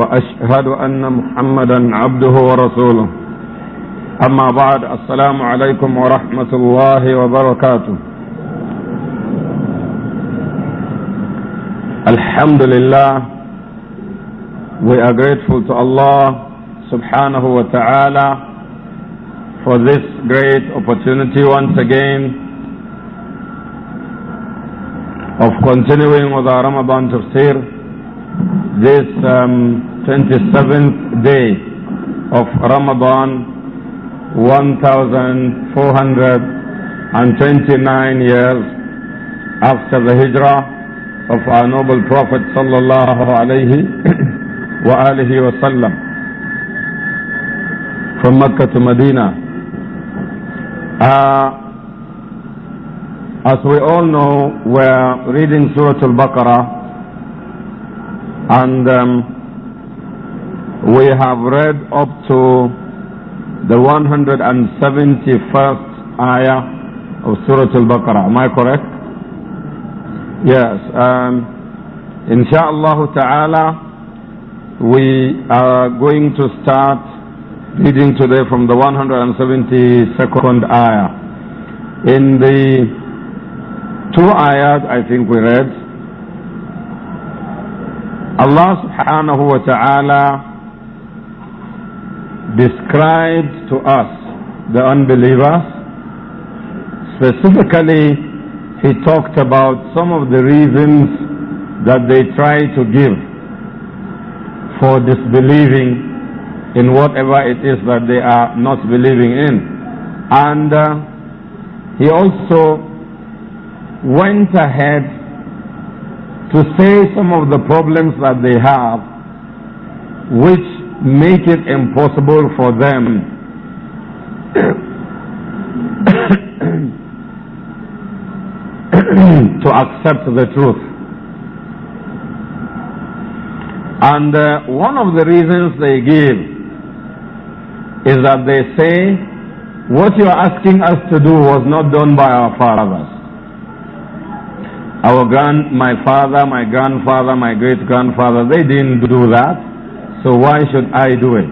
واشهد ان محمدا عبده ورسوله اما بعد السلام عليكم ورحمه الله وبركاته الحمد لله we are grateful to allah subhanahu wa ta'ala for this great opportunity once again of continuing with our ramadan tafsir this um, 27th day of Ramadan, 1429 years after the hijrah of our noble Prophet sallallahu alaihi wasallam from Mecca to Medina. Uh, as we all know, we're reading Surah Al-Baqarah and um, we have read up to the 171st ayah of Surah Al-Baqarah. Am I correct? Yes. Um, Insha'Allah ta'ala, we are going to start reading today from the 172nd ayah. In the two ayahs I think we read, Allah subhanahu wa ta'ala described to us the unbelievers. Specifically, he talked about some of the reasons that they try to give for disbelieving in whatever it is that they are not believing in. And uh, he also went ahead to say some of the problems that they have which make it impossible for them to accept the truth. And uh, one of the reasons they give is that they say, what you are asking us to do was not done by our fathers. Our grand, my father, my grandfather, my great grandfather, they didn't do that. So why should I do it?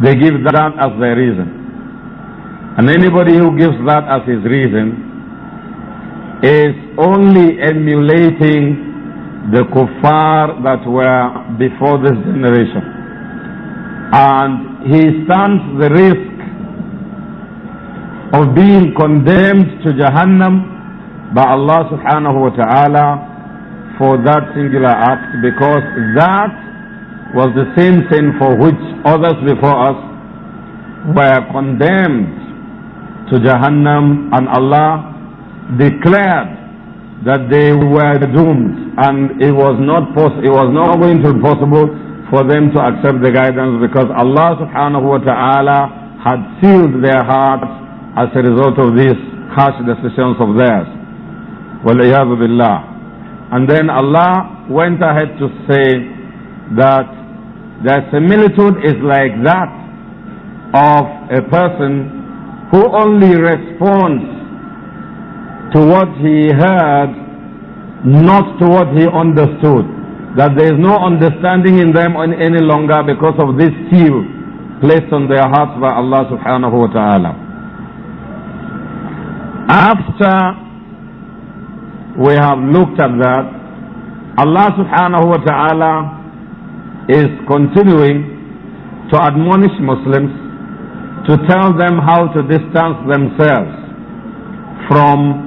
They give that as their reason. And anybody who gives that as his reason is only emulating the kuffar that were before this generation. And he stands the risk of being condemned to Jahannam by Allah subhanahu wa ta'ala for that singular act because that was the same sin for which others before us were condemned to Jahannam and Allah declared that they were doomed and it was not pos- it was not going to be possible for them to accept the guidance because Allah subhanahu wa ta'ala had sealed their hearts as a result of these harsh decisions of theirs. وَالْعِيَاذُ بِاللَّهِ And then Allah went ahead to say that their similitude is like that of a person who only responds to what he heard, not to what he understood. That there is no understanding in them any longer because of this seal placed on their hearts by Allah subhanahu wa ta'ala. After we have looked at that. Allah subhanahu wa ta'ala is continuing to admonish Muslims to tell them how to distance themselves from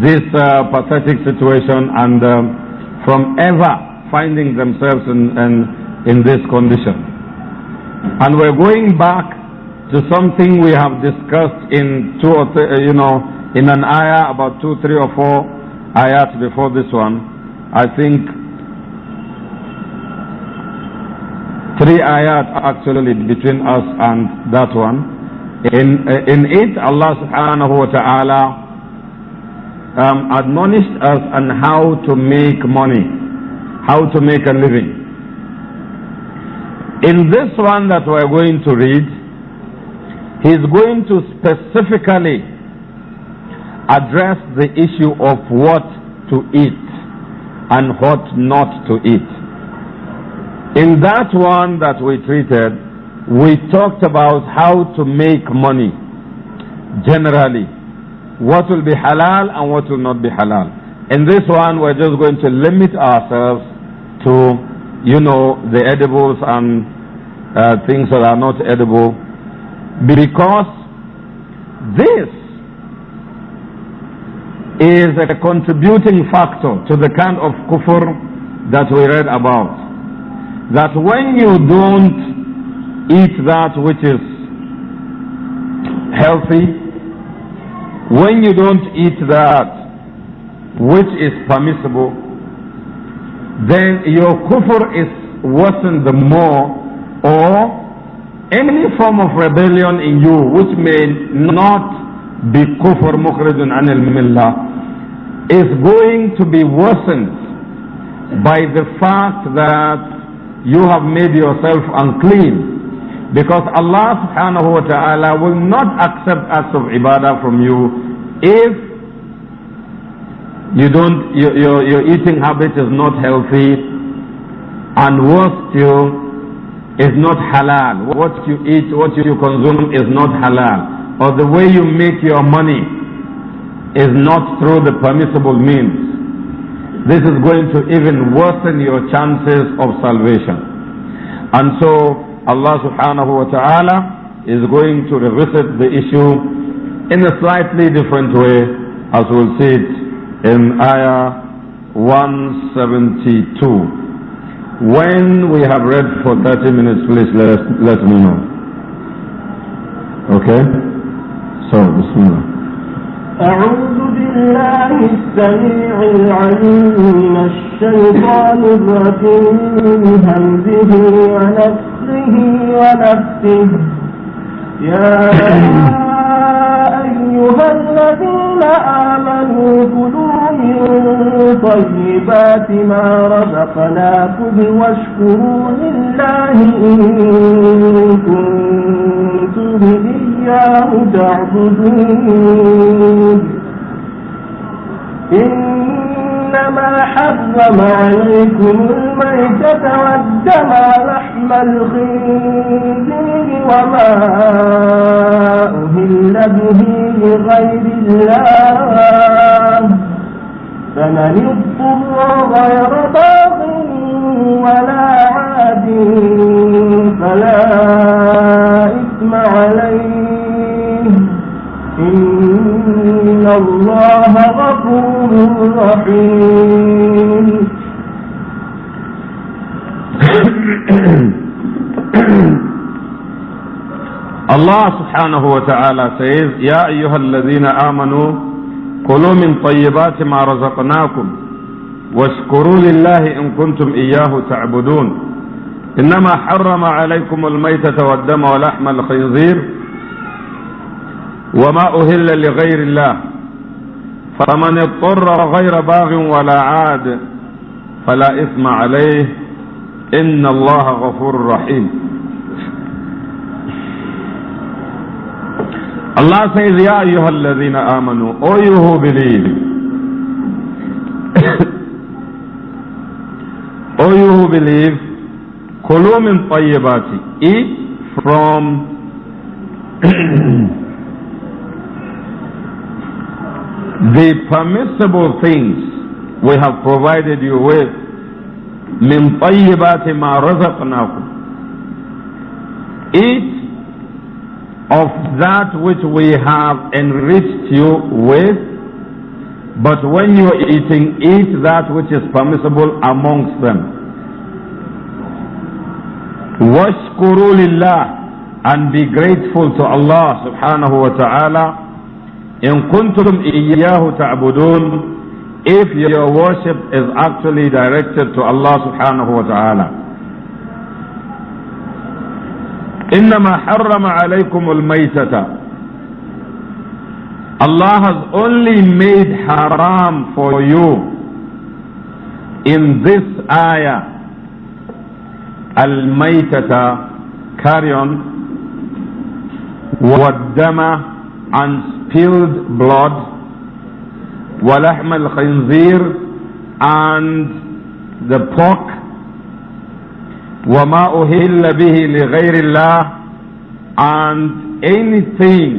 this uh, pathetic situation and uh, from ever finding themselves in, in, in this condition. And we're going back to something we have discussed in two or three, you know, in an ayah about two, three or four ayat before this one, I think three ayat actually between us and that one. In, in it, Allah subhanahu wa ta'ala um, admonished us on how to make money, how to make a living. In this one that we're going to read, he's going to specifically Address the issue of what to eat and what not to eat. In that one that we treated, we talked about how to make money generally. What will be halal and what will not be halal. In this one, we're just going to limit ourselves to, you know, the edibles and uh, things that are not edible because this is a contributing factor to the kind of kufr that we read about. That when you don't eat that which is healthy, when you don't eat that which is permissible, then your kufr is worsened the more or any form of rebellion in you which may not be kufr mukhrijun anil millah is going to be worsened by the fact that you have made yourself unclean. Because Allah subhanahu wa ta'ala will not accept acts of ibadah from you if you don't, your, your, your eating habit is not healthy and worse still, is not halal. What you eat, what you consume is not halal. Or the way you make your money is not through the permissible means, this is going to even worsen your chances of salvation. And so Allah subhanahu wa ta'ala is going to revisit the issue in a slightly different way as we'll see it in ayah 172. When we have read for 30 minutes, please let, us, let me know. Okay? So, Bismillah. أعوذ بالله السميع العليم من الشيطان الرجيم من همزه ونفسه ونفسه يا أيها الذين آمنوا كلوا من طيبات ما رزقناكم واشكروا لله إن كنتم به إِيَّاهُ تعبدون إنما حرم عليكم الميتة والدم لحم الخنزير وما أهل به لغير الله فمن اضطر غير باغ ولا عاد فلا إثم عليه إن الله غفور رحيم الله سبحانه وتعالى سيد يا أيها الذين آمنوا كلوا من طيبات ما رزقناكم واشكروا لله إن كنتم إياه تعبدون إنما حرم عليكم الميتة والدم ولحم الخنزير وما أهل لغير الله فمن اضطر غير باغ ولا عاد فلا إثم عليه إن الله غفور رحيم الله says يا أيها الذين آمنوا أيها بليل Oh, you who believe, kulu min tayyibati, eat from the permissible things we have provided you with من طيبات ما eat of that which we have enriched you with but when you are eating eat that which is permissible amongst them واشكروا لله and be grateful to Allah subhanahu wa ta'ala In kuntum iyyahu ta'budun, if your worship is actually directed to Allah subhanahu wa ta'ala. إنما حرم عليكم الميتة Allah has only made haram for you in this ayah الميتة maytata carrion والدم عن spilled blood, ولحم الخنزير and the pork, وما أهل به لغير الله and anything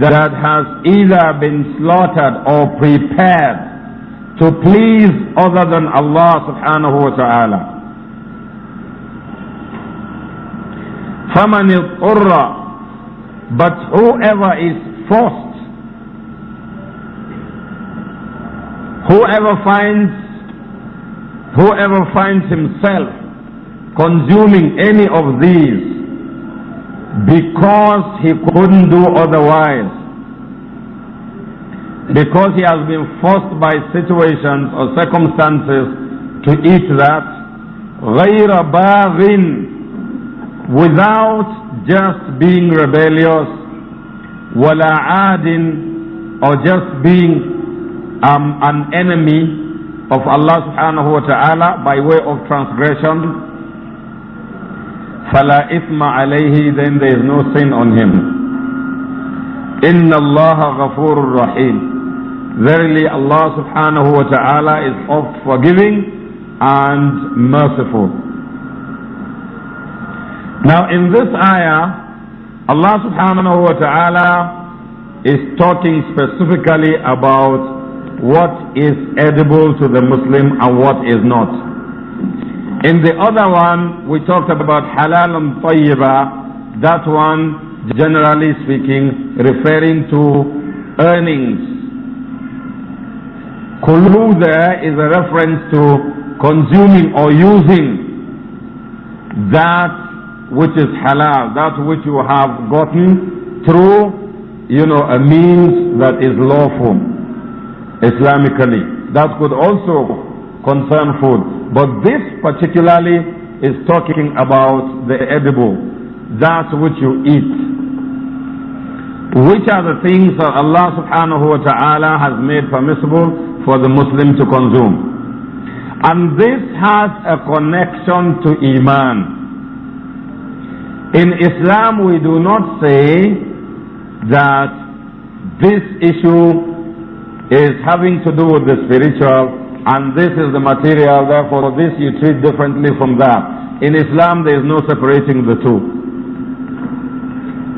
that has either been slaughtered or prepared to please other than Allah subhanahu wa ta'ala. فمن اضطر but whoever is forced. Whoever finds, whoever finds himself consuming any of these because he couldn't do otherwise, because he has been forced by situations or circumstances to eat that, غير باغٍ without just being rebellious wala adin or just being um, an enemy of Allah subhanahu wa ta'ala by way of transgression فلا إثم عليه then there is no sin on him إن الله غفور رحيم verily Allah subhanahu wa ta'ala is of forgiving and merciful now in this ayah Allah subhanahu wa ta'ala is talking specifically about what is edible to the Muslim and what is not. In the other one, we talked about halal and tayyiba. That one, generally speaking, referring to earnings. Kulu there is a reference to consuming or using that which is halal, that which you have gotten through, you know, a means that is lawful, Islamically. That could also concern food. But this particularly is talking about the edible, that which you eat which are the things that Allah subhanahu wa ta'ala has made permissible for the Muslim to consume. And this has a connection to Iman. In Islam, we do not say that this issue is having to do with the spiritual and this is the material, therefore this you treat differently from that. In Islam, there is no separating the two.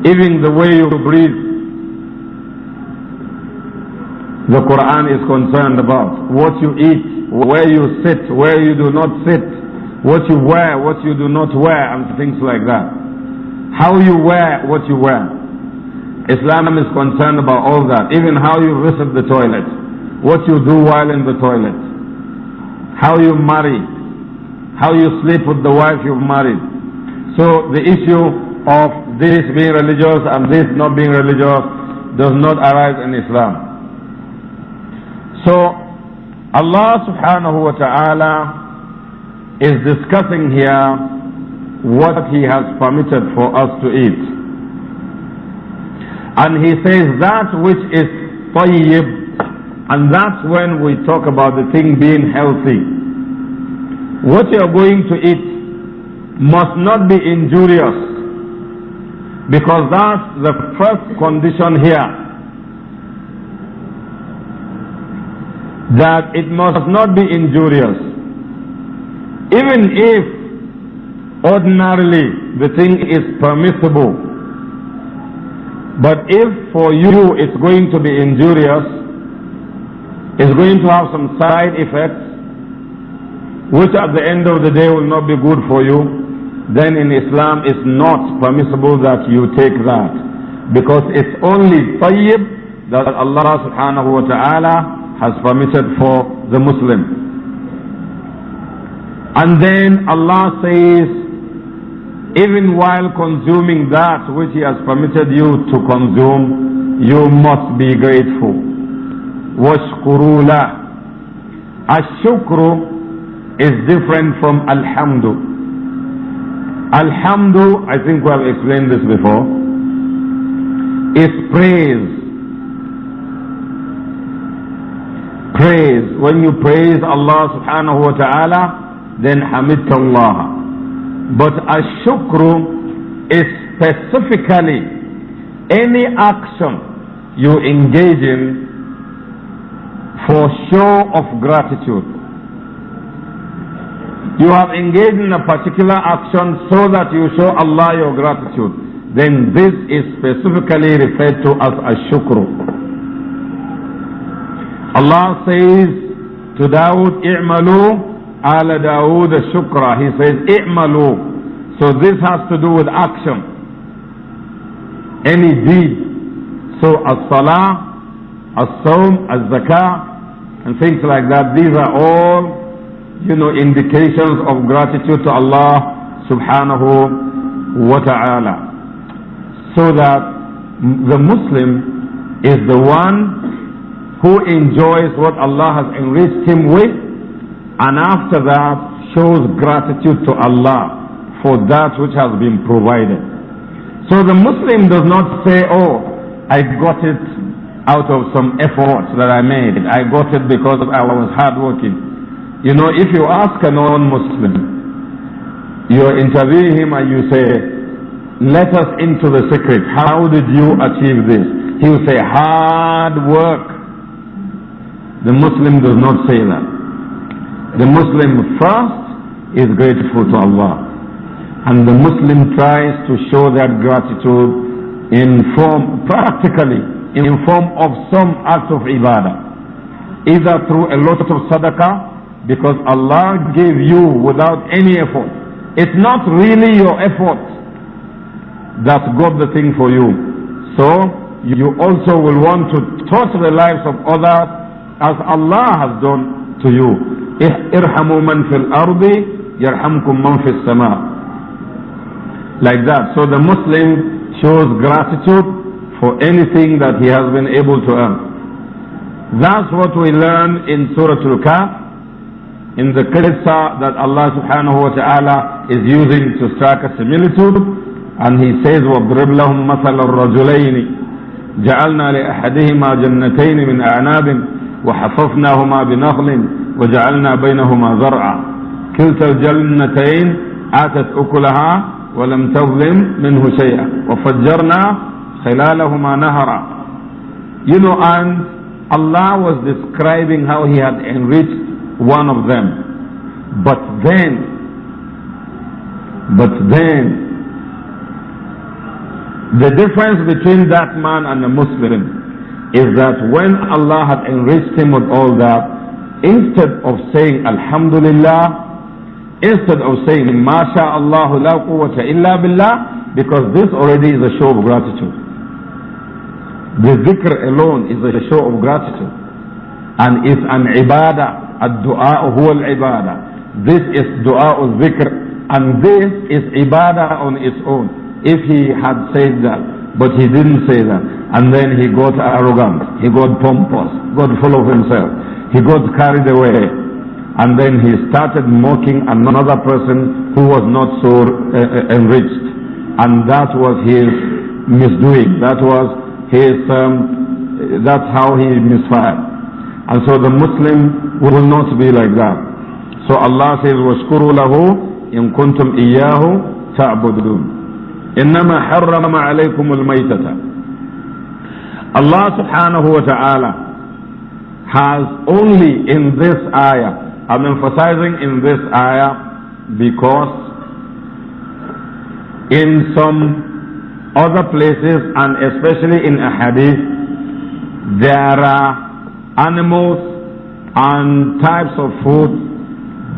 Even the way you breathe, the Quran is concerned about. What you eat, where you sit, where you do not sit, what you wear, what you do not wear, and things like that how you wear what you wear. Islam is concerned about all that, even how you visit the toilet, what you do while in the toilet, how you marry, how you sleep with the wife you've married. So the issue of this being religious and this not being religious does not arise in Islam. So Allah subhanahu wa ta'ala is discussing here what he has permitted for us to eat. And he says that which is tayyib, and that's when we talk about the thing being healthy. What you are going to eat must not be injurious, because that's the first condition here. That it must not be injurious. Even if ordinarily the thing is permissible. But if for you it's going to be injurious, it's going to have some side effects, which at the end of the day will not be good for you, then in Islam it's not permissible that you take that. Because it's only tayyib that Allah subhanahu wa ta'ala has permitted for the Muslim. And then Allah says, even while consuming that which He has permitted you to consume, you must be grateful. وَاشْكُرُوا Ashukru is different from Alhamdu. Alhamdu, I think we have explained this before, is praise. Praise. When you praise Allah subhanahu wa ta'ala, then hamidtallah. But ashukru is specifically any action you engage in for show of gratitude. You have engaged in a particular action so that you show Allah your gratitude. Then this is specifically referred to as ashukru. Allah says to Dawud, Ala Dawood Shukra, he says, I'malu. So this has to do with action. Any deed. So as-salah, as-sawm, as-zakah, and things like that, these are all, you know, indications of gratitude to Allah subhanahu wa ta'ala. So that the Muslim is the one who enjoys what Allah has enriched him with and after that shows gratitude to Allah for that which has been provided. So the Muslim does not say, oh, I got it out of some efforts that I made. I got it because I was hardworking. You know, if you ask a non-Muslim, you interview him and you say, let us into the secret. How did you achieve this? He will say, hard work. The Muslim does not say that. The Muslim first is grateful to Allah. And the Muslim tries to show that gratitude in form, practically, in form of some act of ibadah. Either through a lot of sadaqah, because Allah gave you without any effort. It's not really your effort that got the thing for you. So, you also will want to touch the lives of others as Allah has done to you. Irhamu man fil ardi, yarhamkum man fil sama. Like that. So the Muslim shows gratitude for anything that he has been able to earn. That's what we learn in Surah Al-Kahf, in the qissa that Allah subhanahu wa ta'ala is using to strike a similitude and he says وَاضْرِبْ لَهُمْ مَثَلَ الرَّجُلَيْنِ جَعَلْنَا لِأَحَدِهِمَا جَنَّتَيْنِ مِنْ أَعْنَابٍ وحففناهما بنخل وجعلنا بينهما زرعا كلتا الجنتين آتت أكلها ولم تظلم منه شيئا وفجرنا خلالهما نهرا You know, and Allah was describing how He had enriched one of them. But then, but then, the difference between that man and the Muslim is that when Allah had enriched him with all that, instead of saying Alhamdulillah, instead of saying MashaAllah la quwwata illa billah, because this already is a show of gratitude. The dhikr alone is a show of gratitude. And it's an ibadah. Ad-du'a huwa al-ibadah. This is du'a al-dhikr. And this is ibadah on its own. If he had said that, but he didn't say that. And then he got arrogant, he got pompous, got full of himself, he got carried away. And then he started mocking another person who was not so uh, uh, enriched. And that was his misdoing. That was his, um, that's how he misfired. And so the Muslim will not be like that. So Allah says, وَاشْكُرُوا لَهُ إِن كُنْتُمْ إِيَّاهُ تَعْبُدُونَ إنما حرم عليكم الميتة Allah subhanahu wa ta'ala has only in this ayah, I'm emphasizing in this ayah because in some other places and especially in a hadith, there are animals and types of food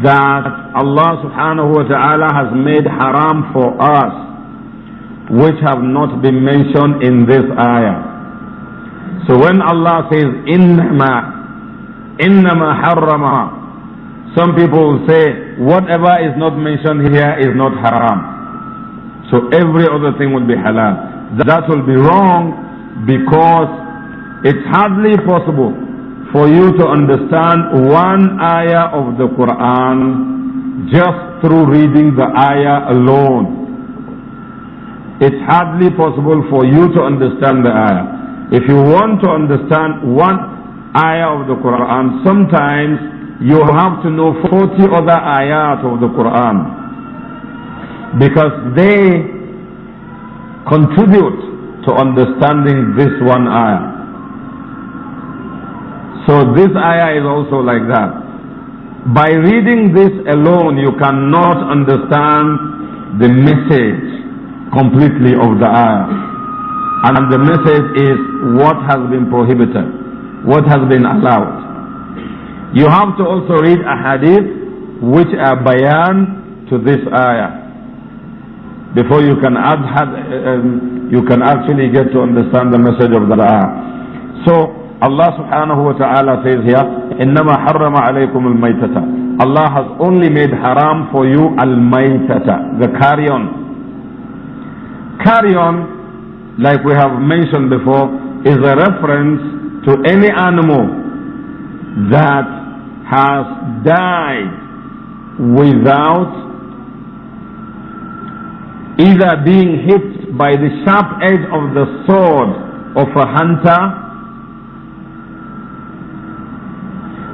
that Allah subhanahu wa ta'ala has made haram for us which have not been mentioned in this ayah. So when Allah says, Innama, Innama harramaha, some people say, whatever is not mentioned here is not haram. So every other thing would be halal. That will be wrong because it's hardly possible for you to understand one ayah of the Quran just through reading the ayah alone it's hardly possible for you to understand the ayah. If you want to understand one ayah of the Quran, sometimes you have to know 40 other ayat of the Quran. Because they contribute to understanding this one ayah. So this ayah is also like that. By reading this alone, you cannot understand the message completely of the ayah. And the message is what has been prohibited, what has been allowed. You have to also read a hadith which are bayan to this ayah. Before you can add, um, you can actually get to understand the message of the ayah. So Allah subhanahu wa ta'ala says here, إِنَّمَا حَرَّمَ عَلَيْكُمُ الْمَيْتَةَ Allah has only made haram for you al-maytata, the carrion, Carry on, like we have mentioned before, is a reference to any animal that has died without either being hit by the sharp edge of the sword of a hunter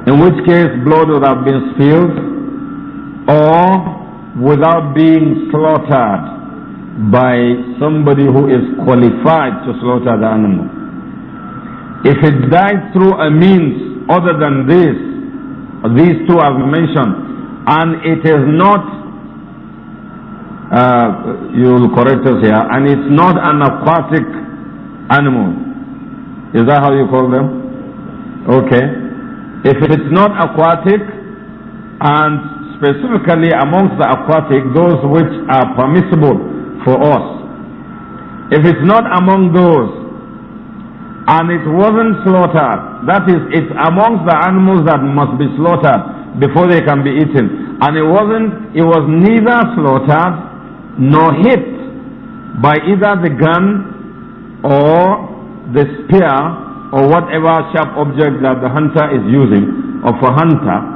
in which case blood would have been spilled, or without being slaughtered by somebody who is qualified to slaughter the animal. If it died through a means other than this, these two I've mentioned, and it is not, uh, you'll correct us here, and it's not an aquatic animal. Is that how you call them? Okay. If it's not aquatic, and specifically amongst the aquatic, those which are permissible, for us. If it's not among those and it wasn't slaughtered, that is, it's amongst the animals that must be slaughtered before they can be eaten. And it wasn't, it was neither slaughtered nor hit by either the gun or the spear or whatever sharp object that the hunter is using or for hunter.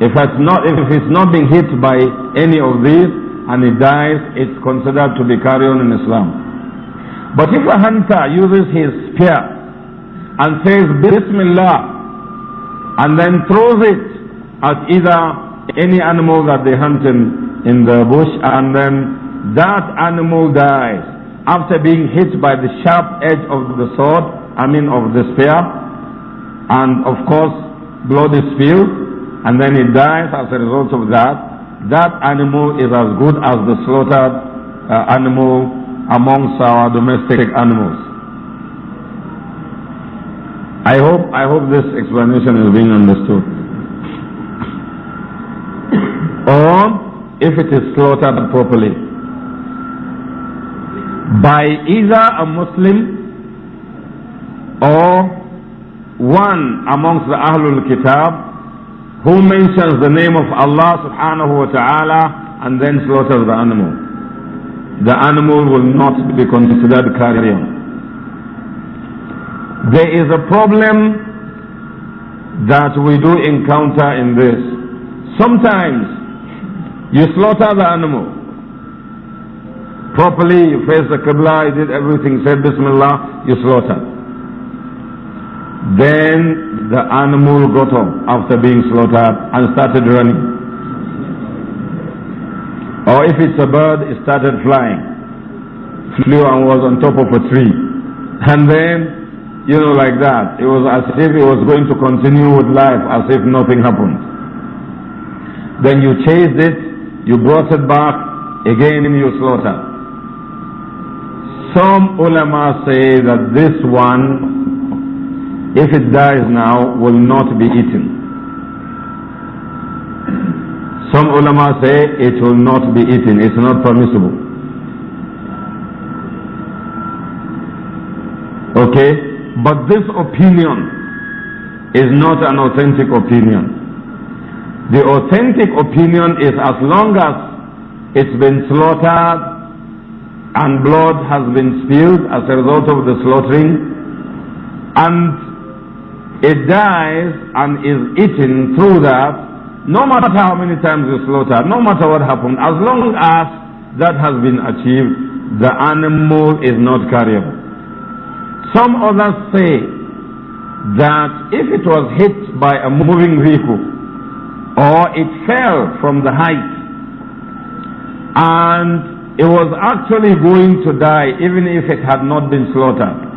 If it's not, if it's not being hit by any of these, and he dies, it's considered to be carried on in Islam. But if a hunter uses his spear and says Bismillah and then throws it at either any animal that they hunt in, in the bush and then that animal dies after being hit by the sharp edge of the sword, I mean of the spear, and of course blood is spilled and then he dies as a result of that, that animal is as good as the slaughtered uh, animal amongst our domestic animals. I hope, I hope this explanation is being understood. or if it is slaughtered properly by either a Muslim or one amongst the Ahlul Kitab who mentions the name of Allah subhanahu wa ta'ala and then slaughters the animal. The animal will not be considered carrion. There is a problem that we do encounter in this. Sometimes you slaughter the animal. Properly, you face the Qibla, you did everything, said Bismillah, you slaughter. Then the animal got up after being slaughtered and started running. Or if it's a bird, it started flying. Flew and was on top of a tree. And then, you know, like that. It was as if it was going to continue with life as if nothing happened. Then you chased it, you brought it back, again you slaughter. Some ulama say that this one if it dies now, will not be eaten. Some ulama say it will not be eaten, it's not permissible. Okay? But this opinion is not an authentic opinion. The authentic opinion is as long as it's been slaughtered and blood has been spilled as a result of the slaughtering and it dies and is eaten through that, no matter how many times you slaughter, no matter what happened, as long as that has been achieved, the animal is not carryable. Some others say that if it was hit by a moving vehicle or it fell from the height and it was actually going to die even if it had not been slaughtered,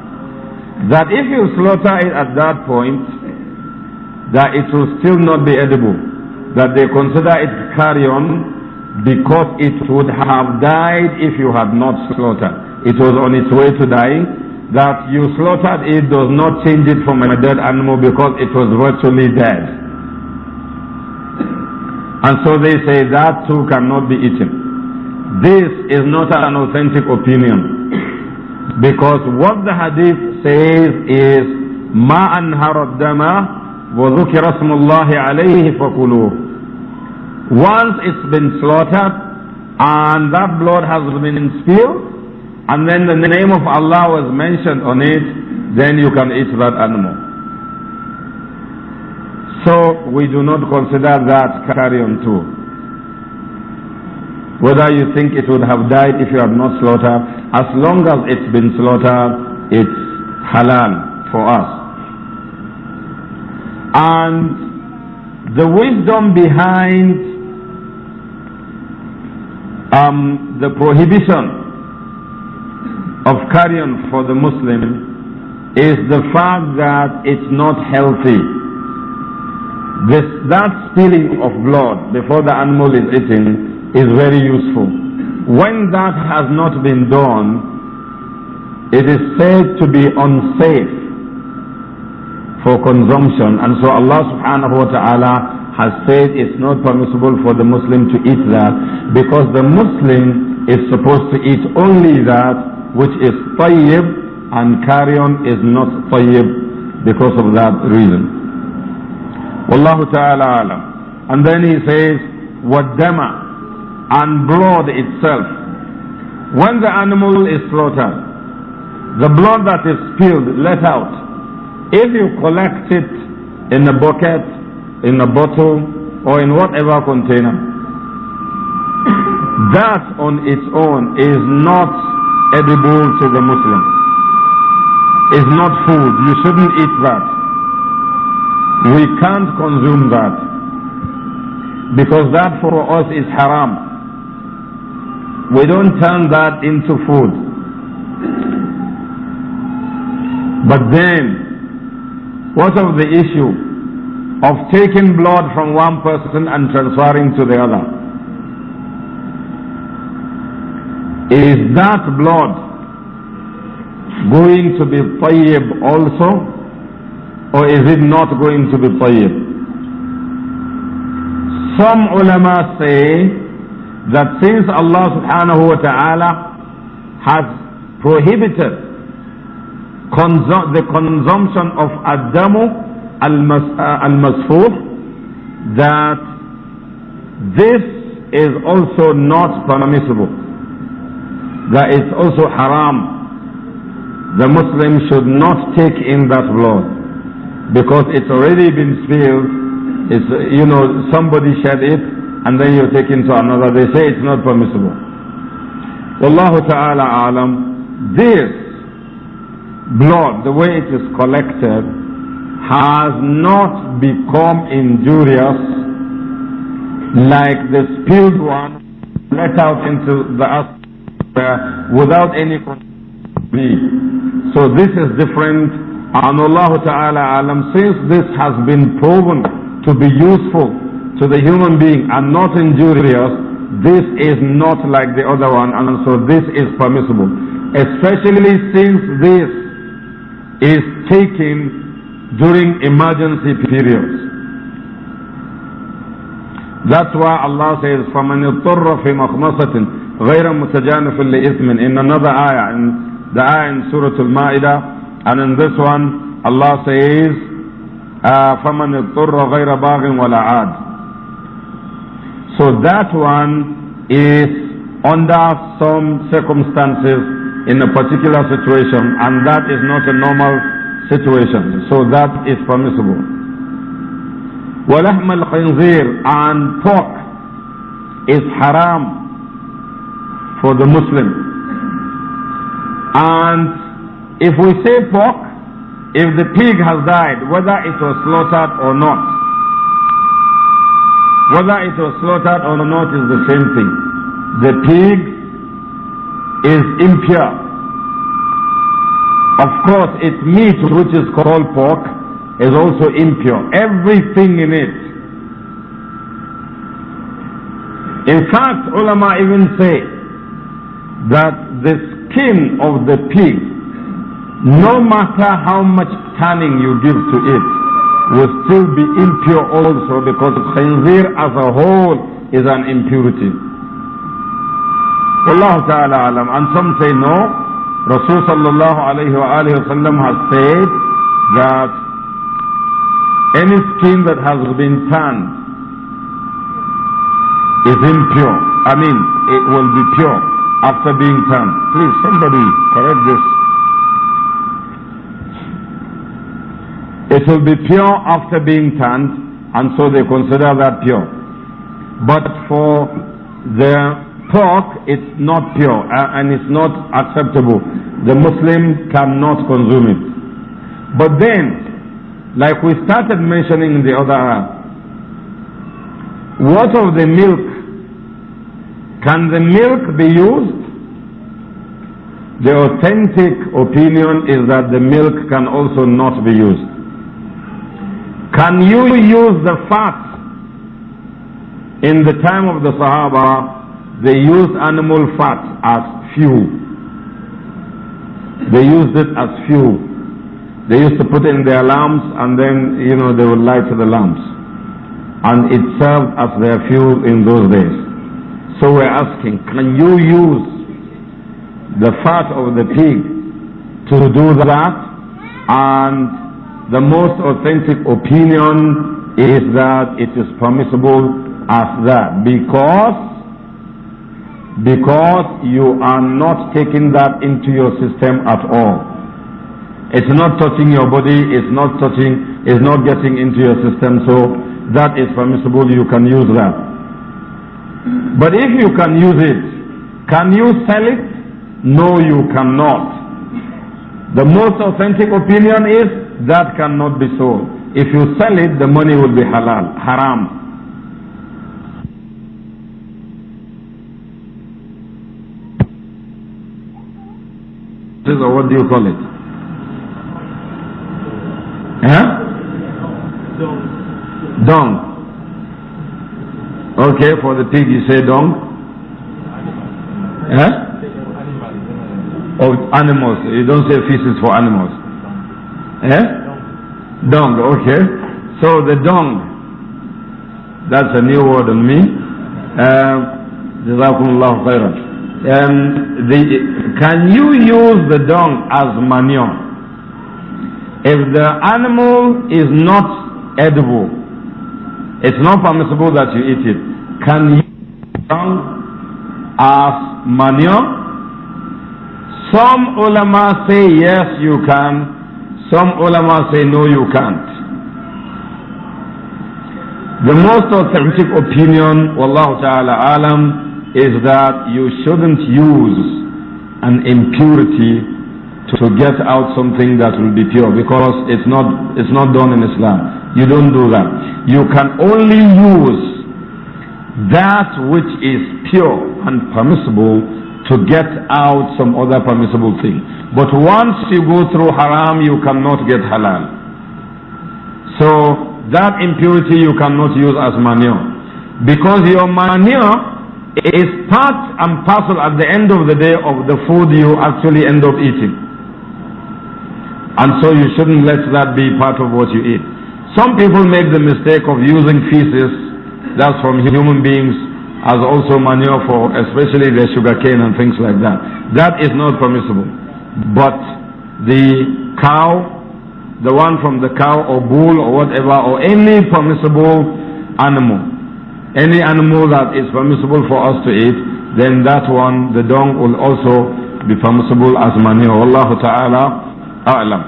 that if you slaughter it at that point, that it will still not be edible. That they consider it carrion because it would have died if you had not slaughtered. It was on its way to die. That you slaughtered it does not change it from a dead animal because it was virtually dead. And so they say that too cannot be eaten. This is not an authentic opinion. Because what the hadith says is ما أنهر الدم وذكر اسم الله عليه فكلوه once it's been slaughtered and that blood has been spilled and then the name of Allah was mentioned on it then you can eat that animal so we do not consider that carrion too whether you think it would have died if you had not slaughtered as long as it's been slaughtered it's halal for us. And the wisdom behind um, the prohibition of carrion for the Muslim is the fact that it's not healthy. This, that spilling of blood before the animal is eaten is very useful. When that has not been done, it is said to be unsafe for consumption and so Allah subhanahu wa ta'ala has said it's not permissible for the Muslim to eat that because the Muslim is supposed to eat only that which is tayyib and carrion is not tayyib because of that reason. Wallahu ta'ala alam. And then he says, wadama and blood itself. When the animal is slaughtered, the blood that is spilled, let out. If you collect it in a bucket, in a bottle, or in whatever container, that on its own is not edible to the Muslim. It's not food. You shouldn't eat that. We can't consume that. Because that for us is haram. We don't turn that into food. But then, what of the issue of taking blood from one person and transferring to the other? Is that blood going to be tayyib also? Or is it not going to be tayyib? Some ulama say that since Allah subhanahu wa ta'ala has prohibited the consumption of adamu al-masfur uh, that this is also not permissible that it's also haram the muslim should not take in that blood because it's already been spilled it's you know somebody shed it and then you take into another they say it's not permissible wallahu ta'ala alam this blood, the way it is collected, has not become injurious like the spilled one let out into the atmosphere without any be. So this is different. And Allah Ta'ala alam, since this has been proven to be useful to the human being and not injurious, this is not like the other one, and so this is permissible. Especially since this is taken during emergency periods. That's why Allah says, فَمَنِ اضْطُرَّ فِي مَخْمَصَةٍ غَيْرَ مُتَجَانِفٍ لِإِثْمٍ In another ayah, in the ayah in Surah Al-Ma'idah, and in this one, Allah says, فَمَنِ اضْطُرَّ غَيْرَ بَاغٍ وَلَا عَادٍ So that one is under some circumstances in a particular situation and that is not a normal situation. So that is permissible. وَلَحْمَ الْخِنْزِيرِ And pork is haram for the Muslim. And if we say pork, if the pig has died, whether it was slaughtered or not, whether it was slaughtered or not is the same thing. The pig is impure. Of course, its meat, which is called pork, is also impure. Everything in it. In fact, ulama even say that the skin of the pig, no matter how much tanning you give to it, will still be impure also because khinzir as a whole is an impurity. Allah ta'ala alam. And some say no. Rasul sallallahu alayhi wa alayhi wa has said that any skin that has been tanned is impure. I mean, it will be pure after being tanned. Please, somebody correct this. It will be pure after being tanned, and so they consider that pure. But for the pork, is not pure uh, and it's not acceptable. The Muslim cannot consume it. But then, like we started mentioning in the other hour, what of the milk? Can the milk be used? The authentic opinion is that the milk can also not be used. Can you use the fat in the time of the Sahaba they used animal fat as fuel. They used it as fuel. They used to put it in their lamps and then, you know, they would light the lamps. And it served as their fuel in those days. So we're asking, can you use the fat of the pig to do that? And the most authentic opinion is that it is permissible as that because because you are not taking that into your system at all. It's not touching your body, it's not touching, it's not getting into your system, so that is permissible, you can use that. But if you can use it, can you sell it? No, you cannot. The most authentic opinion is that cannot be sold. If you sell it, the money will be halal, haram. This what do you call it? Huh? Dung. Okay, for the pig you say dung. Huh? Of oh, animals. You don't say feces for animals. Eh? Dung, okay. So the dung, that's a new word on me. Jazakumullah uh, khairan um, the, can you use the dung as manure? If the animal is not edible, it's not permissible that you eat it. Can you use dung as manure? Some ulama say yes, you can. Some ulama say no, you can't. The most authentic opinion, wallahu ta'ala alam, is that you shouldn't use an impurity to get out something that will be pure because it's not, it's not done in Islam. You don't do that. You can only use that which is pure and permissible to get out some other permissible thing. But once you go through haram, you cannot get halal. So that impurity you cannot use as manure because your manure is part and parcel at the end of the day of the food you actually end up eating. And so you shouldn't let that be part of what you eat. Some people make the mistake of using feces, that's from human beings, as also manure for especially the sugarcane and things like that. That is not permissible. But the cow, the one from the cow or bull or whatever, or any permissible animal any animal that is permissible for us to eat, then that one, the dung, will also be permissible as manure. Allah Ta'ala A'lam.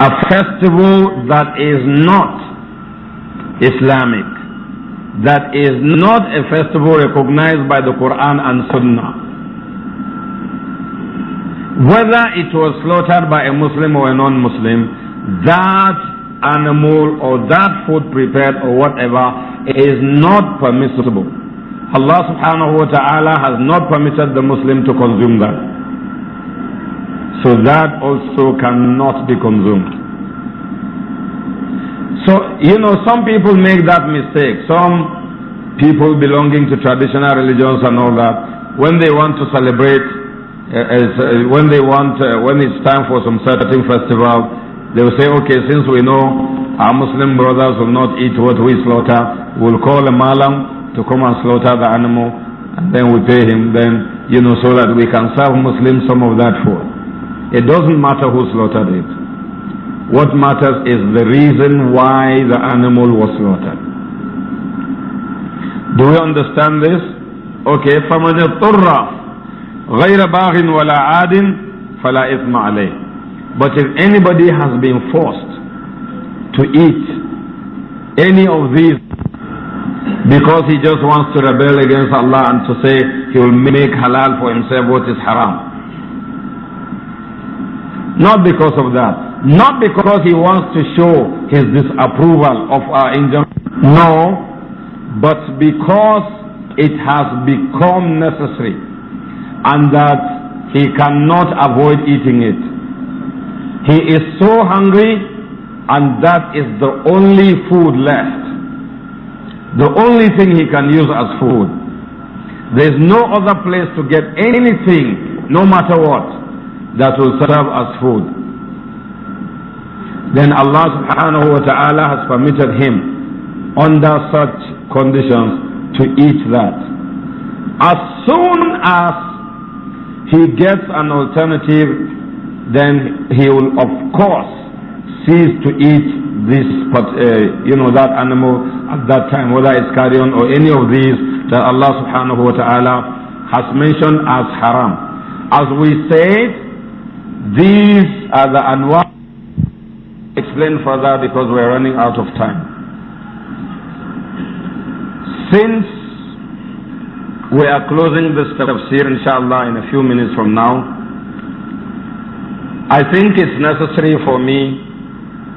A festival that is not Islamic, that is not a festival recognized by the Quran and Sunnah. Whether it was slaughtered by a Muslim or a non-Muslim, that animal or that food prepared or whatever is not permissible. Allah subhanahu wa ta'ala has not permitted the Muslim to consume that. So that also cannot be consumed. So, you know, some people make that mistake. Some people belonging to traditional religions and all that, when they want to celebrate, uh, uh, when they want, uh, when it's time for some certain festival, they will say, okay, since we know our Muslim brothers will not eat what we slaughter, we'll call a malam to come and slaughter the animal, and then we pay him, then, you know, so that we can serve Muslims some of that food. It doesn't matter who slaughtered it. What matters is the reason why the animal was slaughtered. Do we understand this? Okay, فَمَنِ اضْطُرَّ غَيْرَ بَاغٍ وَلَا عَادٍ فَلَا إِثْمَ عَلَيْهِ but if anybody has been forced to eat any of these because he just wants to rebel against Allah and to say he will make halal for himself what is haram. Not because of that. Not because he wants to show his disapproval of our injunction. No, but because it has become necessary and that he cannot avoid eating it. He is so hungry and that is the only food left. The only thing he can use as food. There is no other place to get anything, no matter what, that will serve as food. Then Allah subhanahu wa ta'ala has permitted him under such conditions to eat that. As soon as he gets an alternative, then he will of course cease to eat this, but, uh, you know, that animal at that time, whether it's carrion or any of these that Allah subhanahu wa ta'ala has mentioned as haram. As we said, these are the anwa. Explain further because we're running out of time. Since we are closing this tafsir, inshallah, in a few minutes from now, I think it's necessary for me,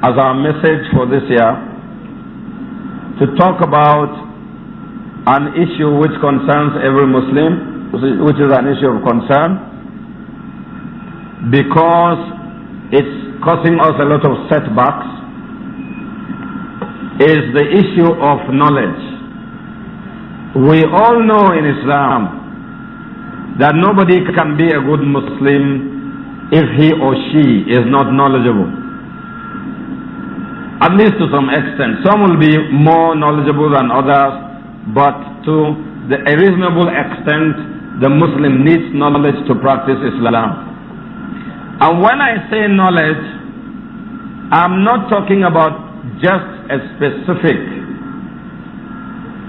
as our message for this year, to talk about an issue which concerns every Muslim, which is an issue of concern, because it's causing us a lot of setbacks, is the issue of knowledge. We all know in Islam that nobody can be a good Muslim if he or she is not knowledgeable. At least to some extent. Some will be more knowledgeable than others, but to the, a reasonable extent, the Muslim needs knowledge to practice Islam. And when I say knowledge, I'm not talking about just a specific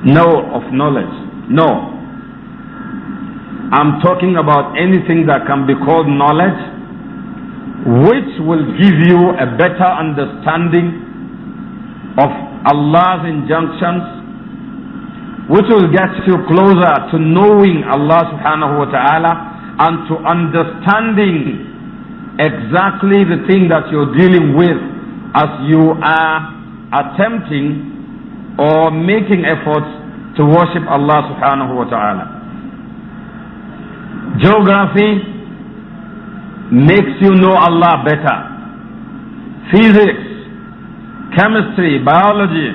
know of knowledge. No. I'm talking about anything that can be called knowledge which will give you a better understanding of Allah's injunctions, which will get you closer to knowing Allah subhanahu wa ta'ala and to understanding exactly the thing that you're dealing with as you are attempting or making efforts to worship Allah subhanahu wa ta'ala. Geography makes you know Allah better. Physics, chemistry, biology,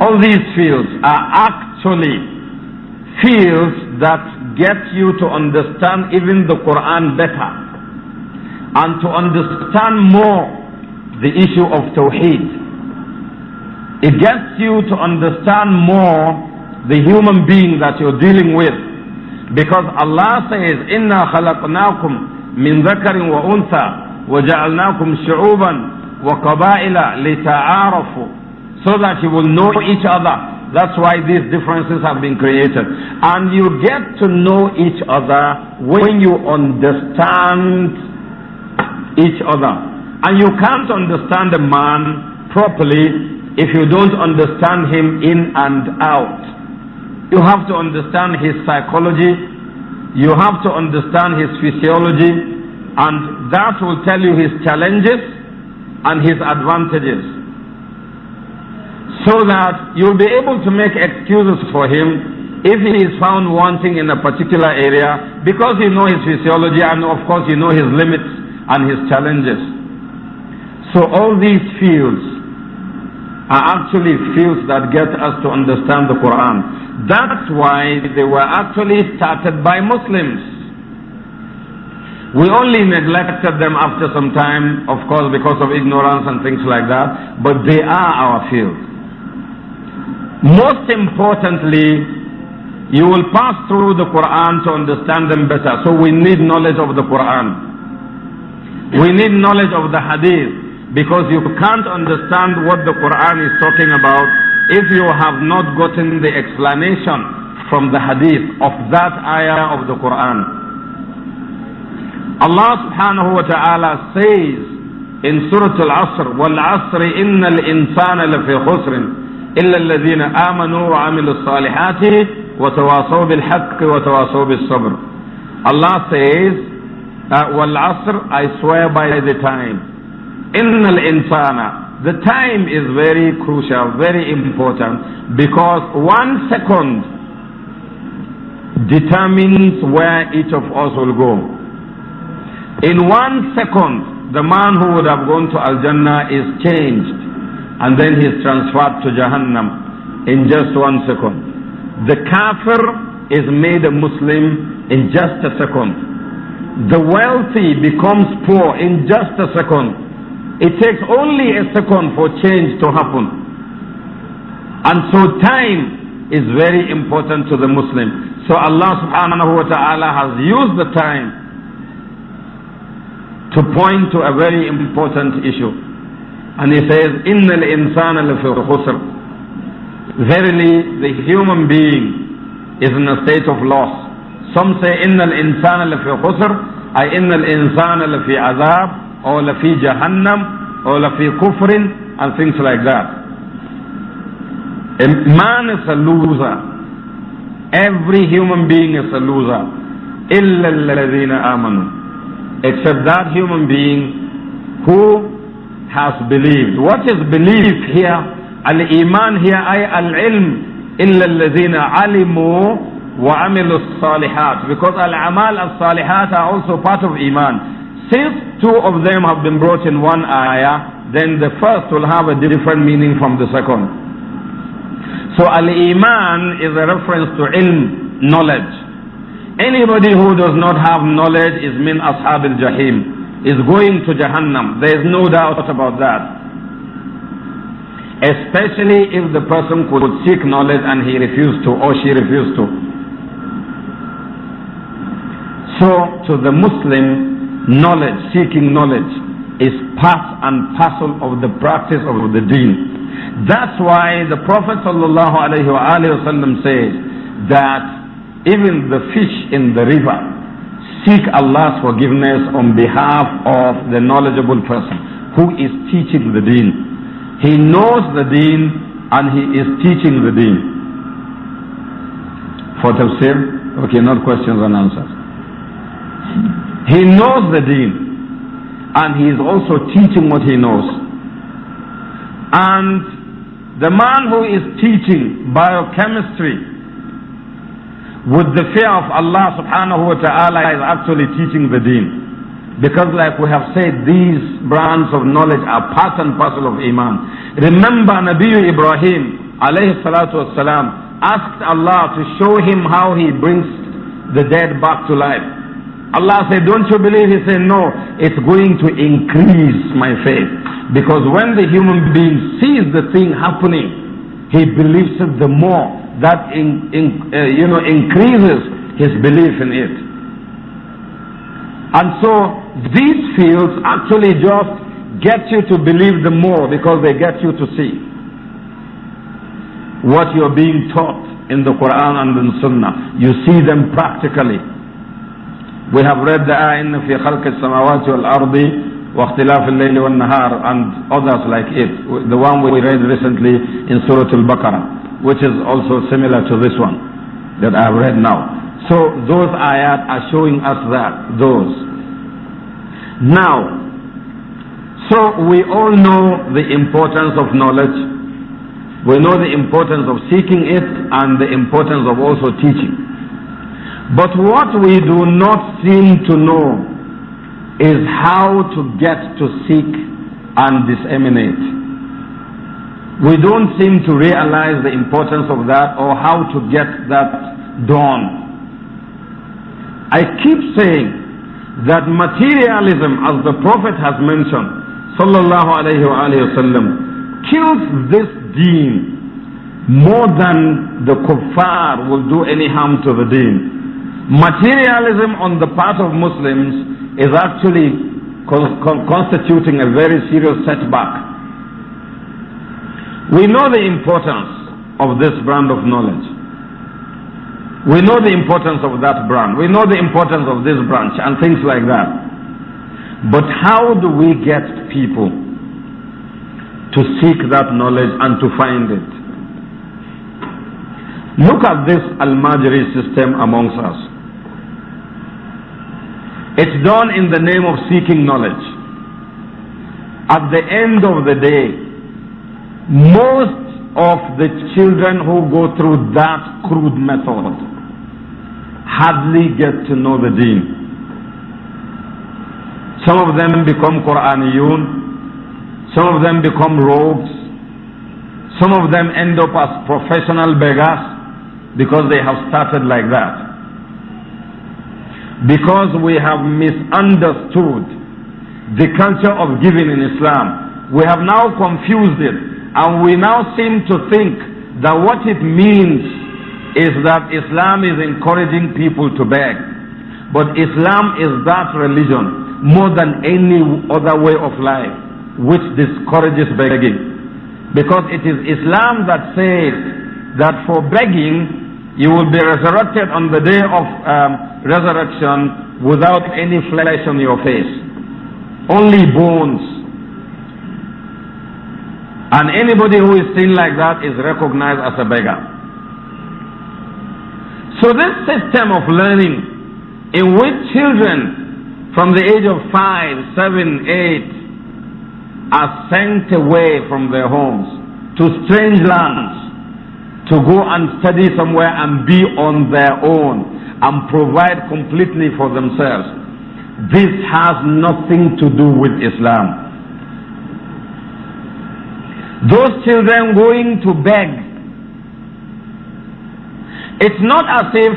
all these fields are actually fields that get you to understand even the Quran better and to understand more the issue of Tawheed. It gets you to understand more the human being that you're dealing with because Allah says, Inna khalaqnakum من ذكر وأنثى وجعلناكم شعوبا وقبائل لتعارفوا so that you will know each other. That's why these differences have been created. And you get to know each other when you understand each other. And you can't understand a man properly if you don't understand him in and out. You have to understand his psychology, you have to understand his physiology, and that will tell you his challenges and his advantages. So that you'll be able to make excuses for him if he is found wanting in a particular area because you know his physiology and, of course, you know his limits and his challenges. So, all these fields are actually fields that get us to understand the Quran. That's why they were actually started by Muslims. We only neglected them after some time, of course, because of ignorance and things like that, but they are our field. Most importantly, you will pass through the Quran to understand them better. So we need knowledge of the Quran. We need knowledge of the Hadith because you can't understand what the Quran is talking about if you have not gotten the explanation from the hadith of that ayah of the Quran, Allah subhanahu wa ta'ala says in Surah Al-Asr, وَالْعَصْرِ إِنَّ الْإِنسَانَ لَفِي خُسْرٍ إِلَّا الَّذِينَ آمَنُوا وَعَمِلُوا الصَّالِحَاتِ وَتَوَاصَوْا بِالْحَقِّ وَتَوَاصَوْا بِالصَّبْرِ Allah says, uh, وَالْعَصْرِ I swear by the time. إِنَّ الْإِنسَانَ the time is very crucial, very important, because one second determines where each of us will go. In one second, the man who would have gone to Al Jannah is changed and then he's transferred to Jahannam in just one second. The kafir is made a Muslim in just a second. The wealthy becomes poor in just a second it takes only a second for change to happen. And so time is very important to the Muslim. So Allah subhanahu wa ta'ala has used the time to point to a very important issue. And he says, إِنَّ الْإِنسَانَ لَفِي Verily, the human being is in a state of loss. Some say, إِنَّ الْإِنسَانَ لَفِي خُسْرٍ أي إن الإنسان or la fi jahannam or la fi kufrin and things like that. A man is a loser. Every human being is a loser. إِلَّا الَّذِينَ Except that human being who has believed. What is belief here? Al-Iman here, ay al-ilm. إِلَّا alimu wa وَعَمِلُوا salihat. Because al-amal al-salihat are also part of Iman. Since two of them have been brought in one ayah, then the first will have a different meaning from the second. So al-iman is a reference to ilm, knowledge. Anybody who does not have knowledge is min ashab al-jahim, is going to Jahannam. There is no doubt about that. Especially if the person could seek knowledge and he refused to or she refused to. So to the Muslim, knowledge, seeking knowledge, is part and parcel of the practice of the deen. That's why the Prophet ﷺ says that even the fish in the river seek Allah's forgiveness on behalf of the knowledgeable person who is teaching the deen. He knows the deen and he is teaching the deen. For tafsir? Okay, not questions and answers. He knows the deen. And he is also teaching what he knows. And the man who is teaching biochemistry with the fear of Allah subhanahu wa ta'ala is actually teaching the deen. Because like we have said, these branches of knowledge are part and parcel of Iman. Remember Nabi Ibrahim alayhi salatu wasalam asked Allah to show him how he brings the dead back to life. Allah said, don't you believe? He said, no, it's going to increase my faith. Because when the human being sees the thing happening, he believes it the more. That, in, in, uh, you know, increases his belief in it. And so these fields actually just get you to believe the more because they get you to see what you're being taught in the Quran and in Sunnah. You see them practically. We have read the ayah in في خلق السماوات والأرض واختلاف الليل nahar and others like it. The one we read recently in Surah Al-Baqarah, which is also similar to this one that I have read now. So those ayat are showing us that, those. Now, so we all know the importance of knowledge. We know the importance of seeking it and the importance of also teaching. But what we do not seem to know is how to get to seek and disseminate. We don't seem to realize the importance of that or how to get that done. I keep saying that materialism, as the Prophet has mentioned, sallallahu alayhi wasallam, kills this deen more than the kuffar will do any harm to the deen. Materialism on the part of Muslims is actually con con constituting a very serious setback. We know the importance of this brand of knowledge. We know the importance of that brand. We know the importance of this branch and things like that. But how do we get people to seek that knowledge and to find it? Look at this Al-Majri system amongst us. It's done in the name of seeking knowledge. At the end of the day, most of the children who go through that crude method hardly get to know the deen. Some of them become Quraniyun, some of them become rogues, some of them end up as professional beggars because they have started like that because we have misunderstood the culture of giving in Islam. We have now confused it and we now seem to think that what it means is that Islam is encouraging people to beg. But Islam is that religion more than any other way of life which discourages begging. Because it is Islam that says that for begging you will be resurrected on the day of um, resurrection without any flesh on your face, only bones. And anybody who is seen like that is recognized as a beggar. So this system of learning in which children from the age of five, seven, eight are sent away from their homes to strange lands to go and study somewhere and be on their own and provide completely for themselves. This has nothing to do with Islam. Those children going to beg, it's not as if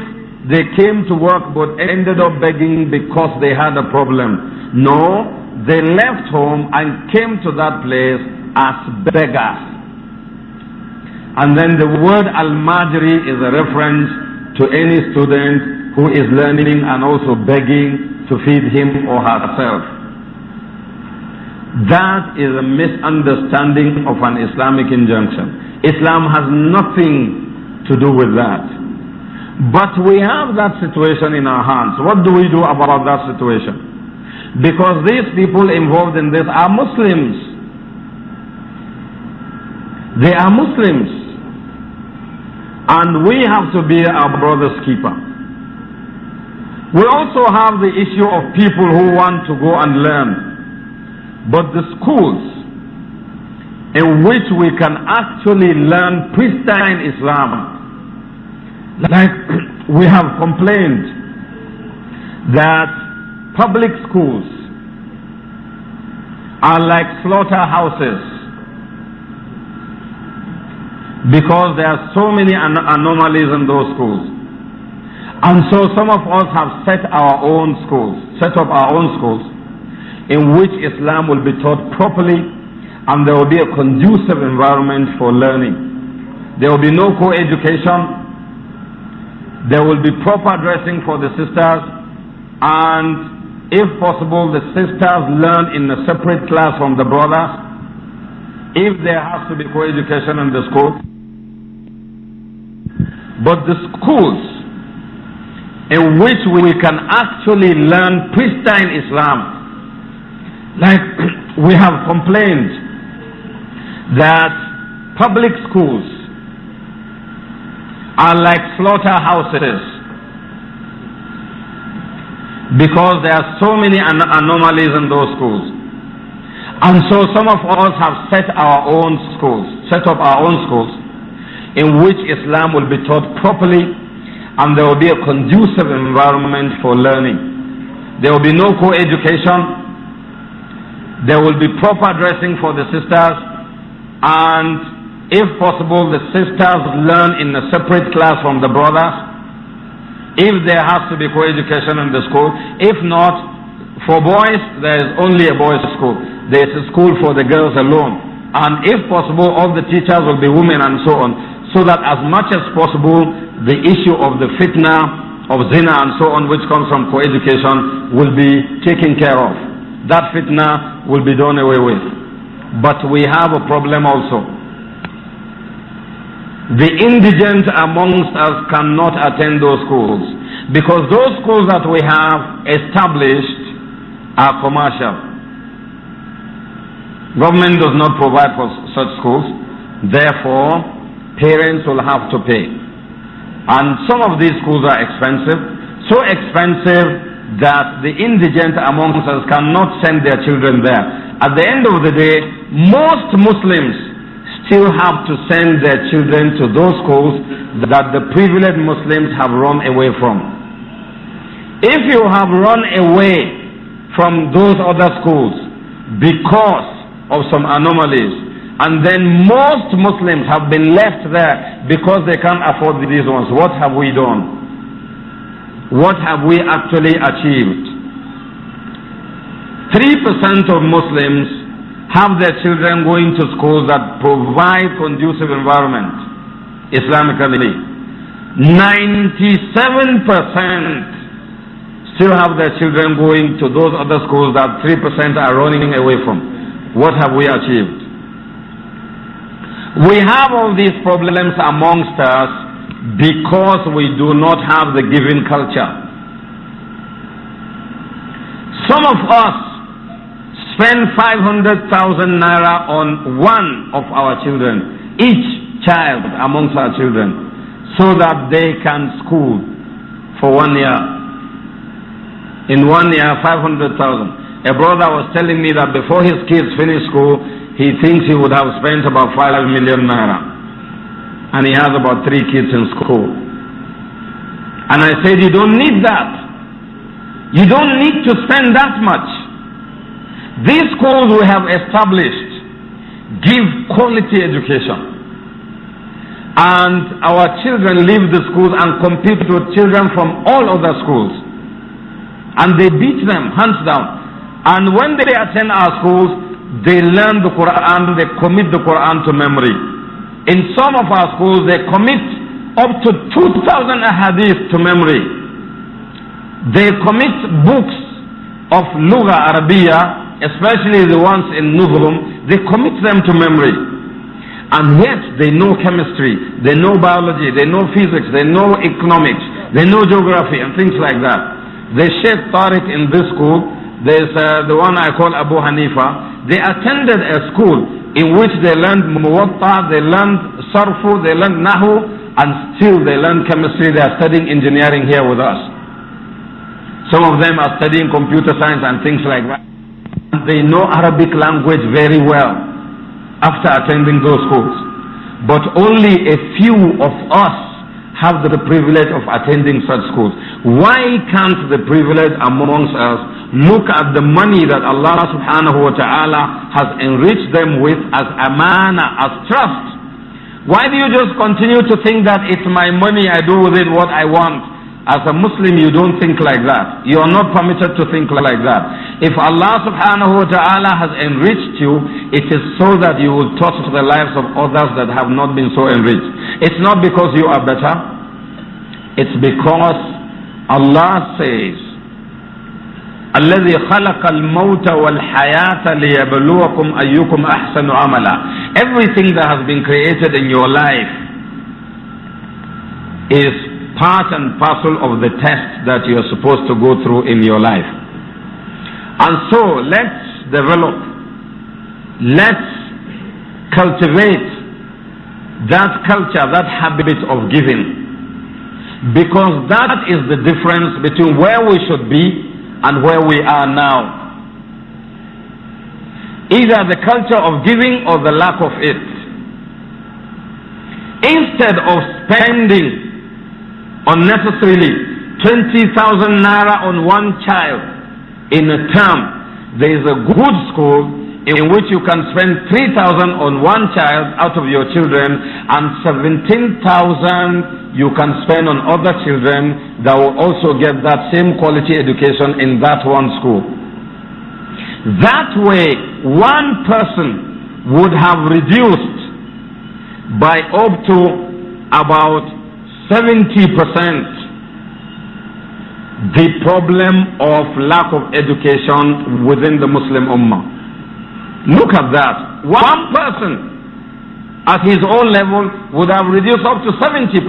they came to work but ended up begging because they had a problem. No, they left home and came to that place as beggars. And then the word al-majri is a reference to any student who is learning and also begging to feed him or herself. That is a misunderstanding of an Islamic injunction. Islam has nothing to do with that. But we have that situation in our hands. What do we do about that situation? Because these people involved in this are Muslims. They are Muslims. And we have to be our brother's keeper. We also have the issue of people who want to go and learn. But the schools in which we can actually learn pristine Islam, like we have complained that public schools are like slaughterhouses because there are so many an anomalies in those schools. And so some of us have set our own schools, set up our own schools in which Islam will be taught properly and there will be a conducive environment for learning. There will be no co-education. There will be proper dressing for the sisters and if possible the sisters learn in a separate class from the brothers if there has to be co-education in the school but the schools in which we can actually learn pristine Islam. Like we have complained that public schools are like slaughterhouses because there are so many an anomalies in those schools. And so some of us have set our own schools, set up our own schools in which Islam will be taught properly and there will be a conducive environment for learning. There will be no co-education. There will be proper dressing for the sisters and if possible the sisters learn in a separate class from the brothers. If there has to be co-education in the school, if not, for boys there is only a boys school. There is a school for the girls alone. And if possible, all the teachers will be women and so on so that as much as possible the issue of the fitna of zina and so on which comes from education, will be taken care of. That fitna will be done away with. But we have a problem also. The indigent amongst us cannot attend those schools because those schools that we have established are commercial government does not provide for such schools therefore parents will have to pay. And some of these schools are expensive, so expensive that the indigent amongst us cannot send their children there. At the end of the day, most Muslims still have to send their children to those schools that the privileged Muslims have run away from. If you have run away from those other schools because of some anomalies, and then most Muslims have been left there because they can't afford these ones. What have we done? What have we actually achieved? 3% of Muslims have their children going to schools that provide conducive environment Islamically. 97% still have their children going to those other schools that 3% are running away from. What have we achieved? We have all these problems amongst us because we do not have the giving culture. Some of us spend 500,000 naira on one of our children, each child amongst our children, so that they can school for one year. In one year, 500,000. A brother was telling me that before his kids finish school, he thinks he would have spent about 5 million naira. And he has about three kids in school. And I said, You don't need that. You don't need to spend that much. These schools we have established give quality education. And our children leave the schools and compete with children from all other schools. And they beat them hands down. And when they attend our schools, they learn the Quran, they commit the Quran to memory. In some of our schools, they commit up to 2,000 ahadith to memory. They commit books of Lugha Arabiya, especially the ones in Nuzrum, they commit them to memory. And yet they know chemistry, they know biology, they know physics, they know economics, they know geography and things like that. They share Tariq in this school. There's uh, the one I call Abu Hanifa. They attended a school in which they learned Muwatta, they learned Sarfu, they learned Nahu, and still they learn chemistry. They are studying engineering here with us. Some of them are studying computer science and things like that. They know Arabic language very well after attending those schools. But only a few of us have the privilege of attending such schools. Why can't the privilege amongst us look at the money that Allah subhanahu wa ta'ala has enriched them with as amana, as trust. Why do you just continue to think that it's my money, I do with it what I want? As a Muslim, you don't think like that. You are not permitted to think like that. If Allah subhanahu wa ta'ala has enriched you, it is so that you will touch the lives of others that have not been so enriched. It's not because you are better. It's because Allah says, الذي خلق الموت والحياة ليبلوكم أيكم أحسن عملا Everything that has been created in your life is part and parcel of the test that you're supposed to go through in your life. And so let's develop, let's cultivate that culture, that habit of giving. Because that is the difference between where we should be and where we are now. Either the culture of giving or the lack of it. Instead of spending unnecessarily 20,000 naira on one child in a term, there is a good school in which you can spend 3,000 on one child out of your children and 17,000 you can spend on other children that will also get that same quality education in that one school. That way, one person would have reduced by up to about 70% the problem of lack of education within the Muslim Ummah. Look at that. One person at his own level would have reduced up to 70%.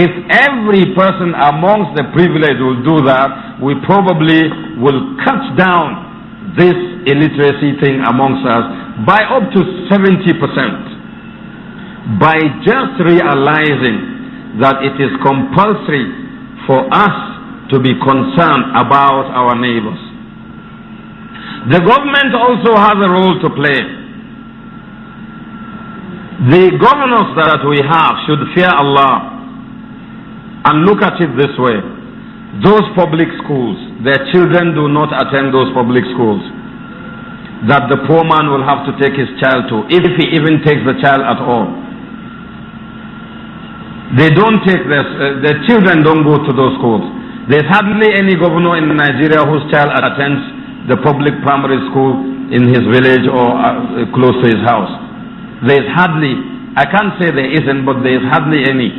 If every person amongst the privileged will do that, we probably will cut down this illiteracy thing amongst us by up to 70%. By just realizing that it is compulsory for us to be concerned about our neighbors. The government also has a role to play. The governors that we have should fear Allah and look at it this way. Those public schools, their children do not attend those public schools that the poor man will have to take his child to, if he even takes the child at all. They don't take their, uh, their children don't go to those schools. There's hardly any governor in Nigeria whose child attends the public primary school in his village or uh, close to his house. There is hardly, I can't say there isn't, but there is hardly any.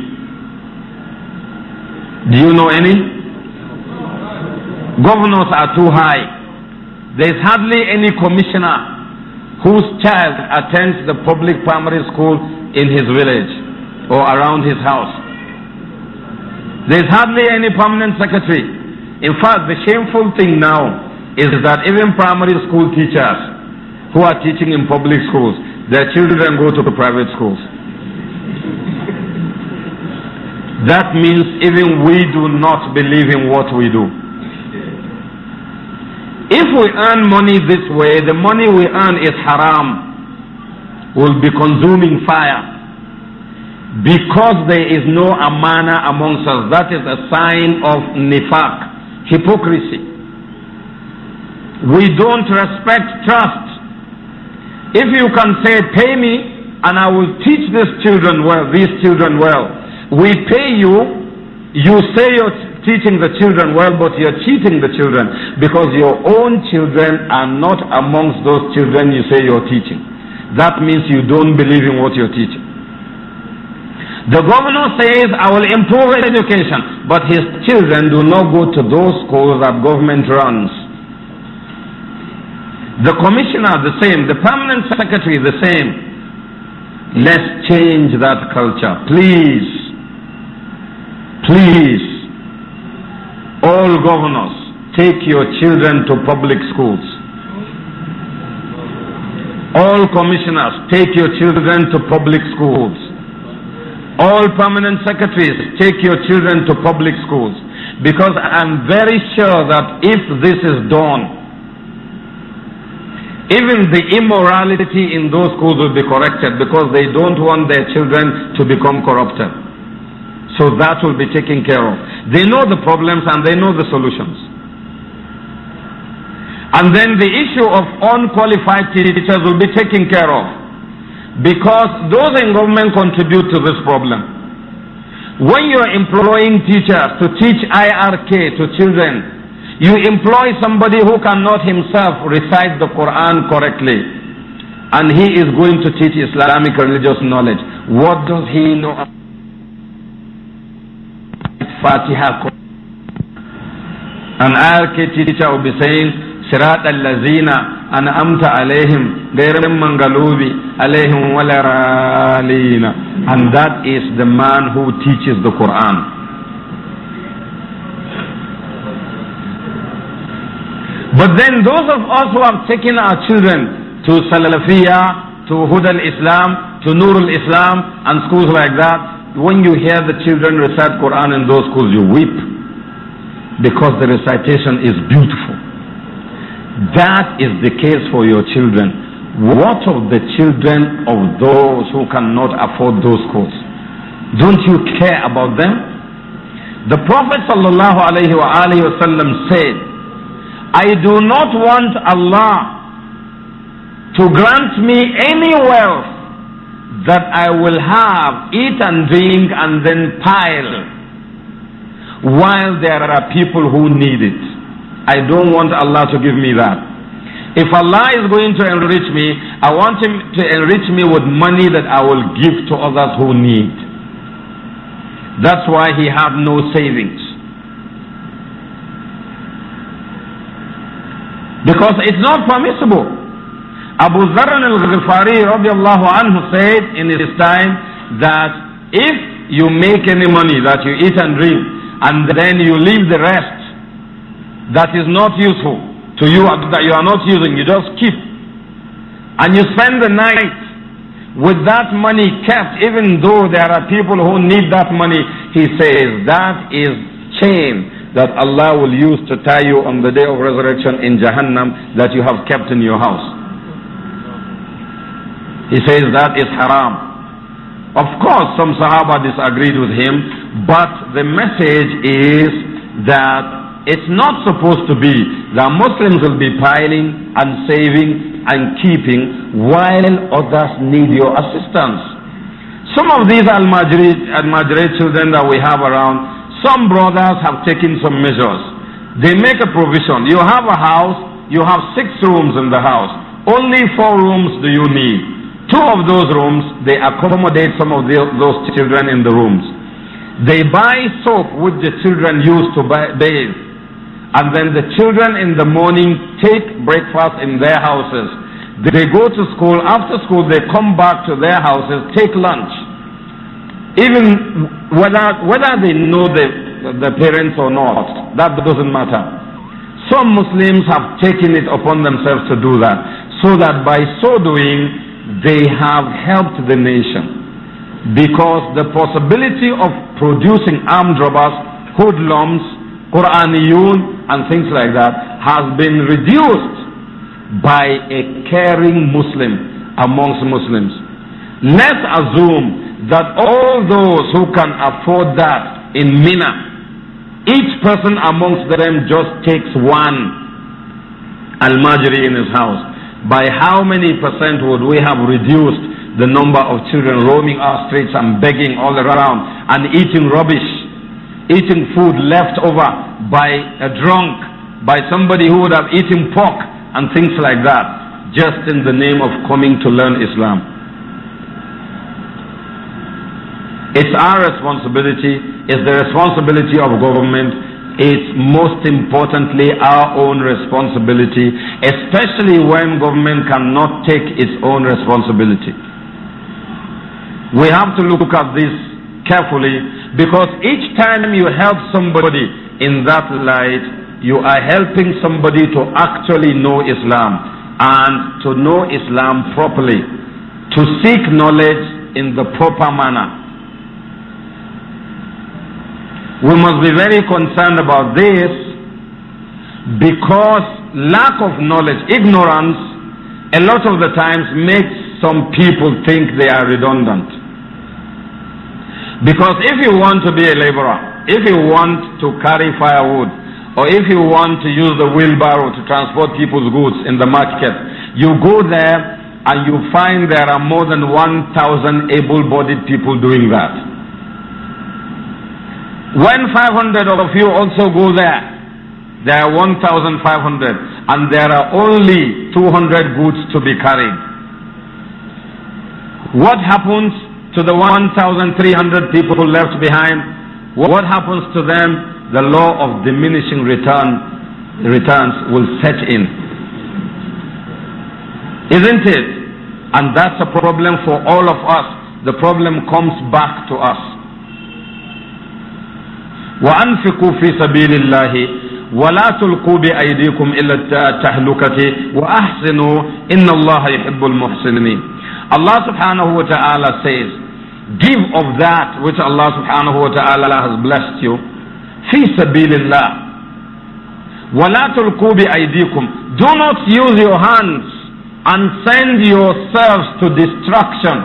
Do you know any? Governors are too high. There is hardly any commissioner whose child attends the public primary school in his village or around his house. There is hardly any permanent secretary. In fact, the shameful thing now is that even primary school teachers who are teaching in public schools, their children go to the private schools. That means even we do not believe in what we do. If we earn money this way, the money we earn is haram, will be consuming fire. Because there is no amana amongst us, that is a sign of nifaq, hypocrisy we don't respect trust. If you can say, pay me and I will teach these children well, these children well. We pay you, you say you're teaching the children well, but you're cheating the children because your own children are not amongst those children you say you're teaching. That means you don't believe in what you're teaching. The governor says, I will improve education, but his children do not go to those schools that government runs. The commissioner the same, the permanent secretary the same. Let's change that culture, please. Please. All governors, take your children to public schools. All commissioners, take your children to public schools. All permanent secretaries, take your children to public schools. Because I'm very sure that if this is done, even the immorality in those schools will be corrected because they don't want their children to become corrupted. So that will be taken care of. They know the problems and they know the solutions. And then the issue of unqualified teachers will be taken care of because those in government contribute to this problem. When you are employing teachers to teach IRK to children, you employ somebody who cannot himself recite the Quran correctly, and he is going to teach Islamic religious knowledge. What does he know? Fatiha. An Al teacher will be saying, صراط الذين أنعمت عليهم غير المغلوب عليهم ولا and that is the man who teaches the Quran But then those of us who have taken our children to Salafiyah, to Huda islam to Nurul islam and schools like that, when you hear the children recite Quran in those schools, you weep because the recitation is beautiful. That is the case for your children. What of the children of those who cannot afford those schools? Don't you care about them? The Prophet ﷺ said, I do not want Allah to grant me any wealth that I will have, eat and drink, and then pile while there are people who need it. I don't want Allah to give me that. If Allah is going to enrich me, I want Him to enrich me with money that I will give to others who need. That's why He had no savings. Because it's not permissible. Abu Zar al-Ghifari radiallahu anhu said in his time that if you make any money that you eat and drink and then you leave the rest that is not useful to you that you are not using, you just keep and you spend the night with that money kept, even though there are people who need that money, he says that is shame that Allah will use to tie you on the day of resurrection in Jahannam that you have kept in your house. He says that is haram. Of course, some Sahaba disagreed with him, but the message is that it's not supposed to be that Muslims will be piling and saving and keeping while others need your assistance. Some of these Al-Majri, Al-Majri children that we have around, some brothers have taken some measures. They make a provision. You have a house, you have six rooms in the house. Only four rooms do you need. Two of those rooms, they accommodate some of the, those children in the rooms. They buy soap which the children use to buy, bathe. And then the children in the morning take breakfast in their houses. They go to school. After school, they come back to their houses, take lunch. Even whether, whether they know the, the parents or not, that doesn't matter. Some Muslims have taken it upon themselves to do that, so that by so doing, they have helped the nation. Because the possibility of producing armed robbers, hoodlums, Quraniyun, and things like that has been reduced by a caring Muslim amongst Muslims. Let's assume that all those who can afford that in Mina, each person amongst them just takes one Al-Majri in his house. By how many percent would we have reduced the number of children roaming our streets and begging all around and eating rubbish, eating food left over by a drunk, by somebody who would have eaten pork and things like that, just in the name of coming to learn Islam. It's our responsibility, it's the responsibility of government, it's most importantly our own responsibility, especially when government cannot take its own responsibility. We have to look at this carefully because each time you help somebody in that light, you are helping somebody to actually know Islam and to know Islam properly, to seek knowledge in the proper manner. We must be very concerned about this because lack of knowledge, ignorance, a lot of the times makes some people think they are redundant. Because if you want to be a laborer, if you want to carry firewood, or if you want to use the wheelbarrow to transport people's goods in the market, you go there and you find there are more than 1,000 able bodied people doing that. When 500 of you also go there, there are 1,500 and there are only 200 goods to be carried. What happens to the 1,300 people left behind? What happens to them? The law of diminishing return, returns will set in. Isn't it? And that's a problem for all of us. The problem comes back to us. وأنفقوا في سبيل الله ولا تلقوا بأيديكم إلى التهلكة وأحسنوا إن الله يحب المحسنين الله سبحانه وتعالى says give of that which Allah subhanahu wa ta'ala has blessed you في سبيل الله ولا تلقوا بأيديكم do not use your hands and send yourselves to destruction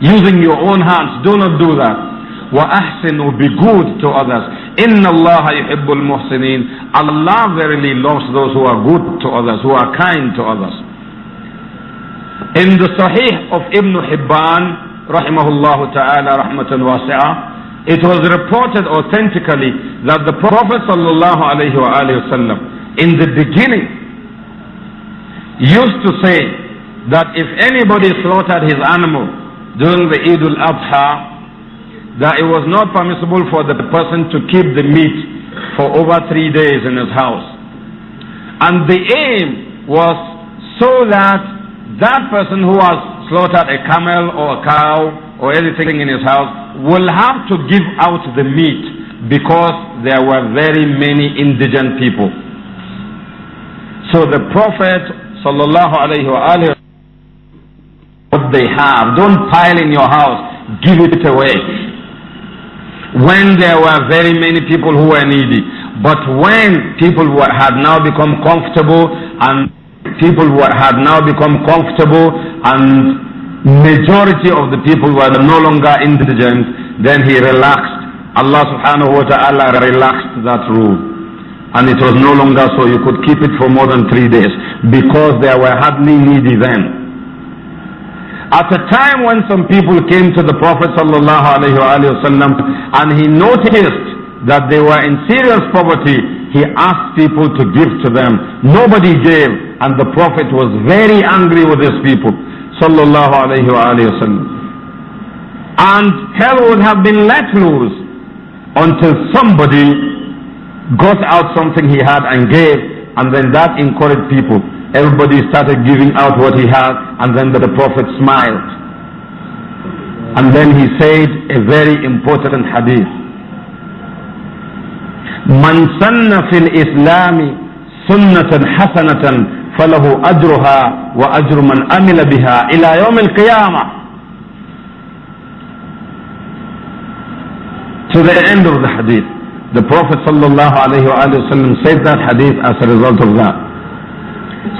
using your own hands do not do that وَأَحْسِنُوا Be good to others. إِنَّ اللَّهَ يُحِبُّ الْمُحْسِنِينَ Allah verily loves those who are good to others, who are kind to others. In the Sahih of Ibn Hibban, rahimahullah ta'ala, rahmatan wasi'ah, it was reported authentically that the Prophet sallallahu alayhi wa in the beginning used to say that if anybody slaughtered his animal during the Eid al-Adha, that it was not permissible for the person to keep the meat for over three days in his house. And the aim was so that that person who has slaughtered a camel or a cow or anything in his house will have to give out the meat because there were very many indigent people. So the Prophet sallallahu what they have, don't pile in your house, give it away when there were very many people who were needy. But when people were, had now become comfortable and people were, had now become comfortable and majority of the people were no longer indigent, then he relaxed. Allah subhanahu wa ta'ala relaxed that rule. And it was no longer so. You could keep it for more than three days because there were hardly needy then at a time when some people came to the Prophet sallallahu and he noticed that they were in serious poverty, he asked people to give to them. Nobody gave and the Prophet was very angry with his people And hell would have been let loose until somebody got out something he had and gave and then that encouraged people. Everybody started giving out what he had, and then the Prophet smiled. And then he said a very important hadith. من سن في الإسلام سنة حسنة فله أجرها وأجر من عمل بها إلى يوم القيامة To the end of the hadith, the Prophet sallallahu wa said that hadith as a result of that.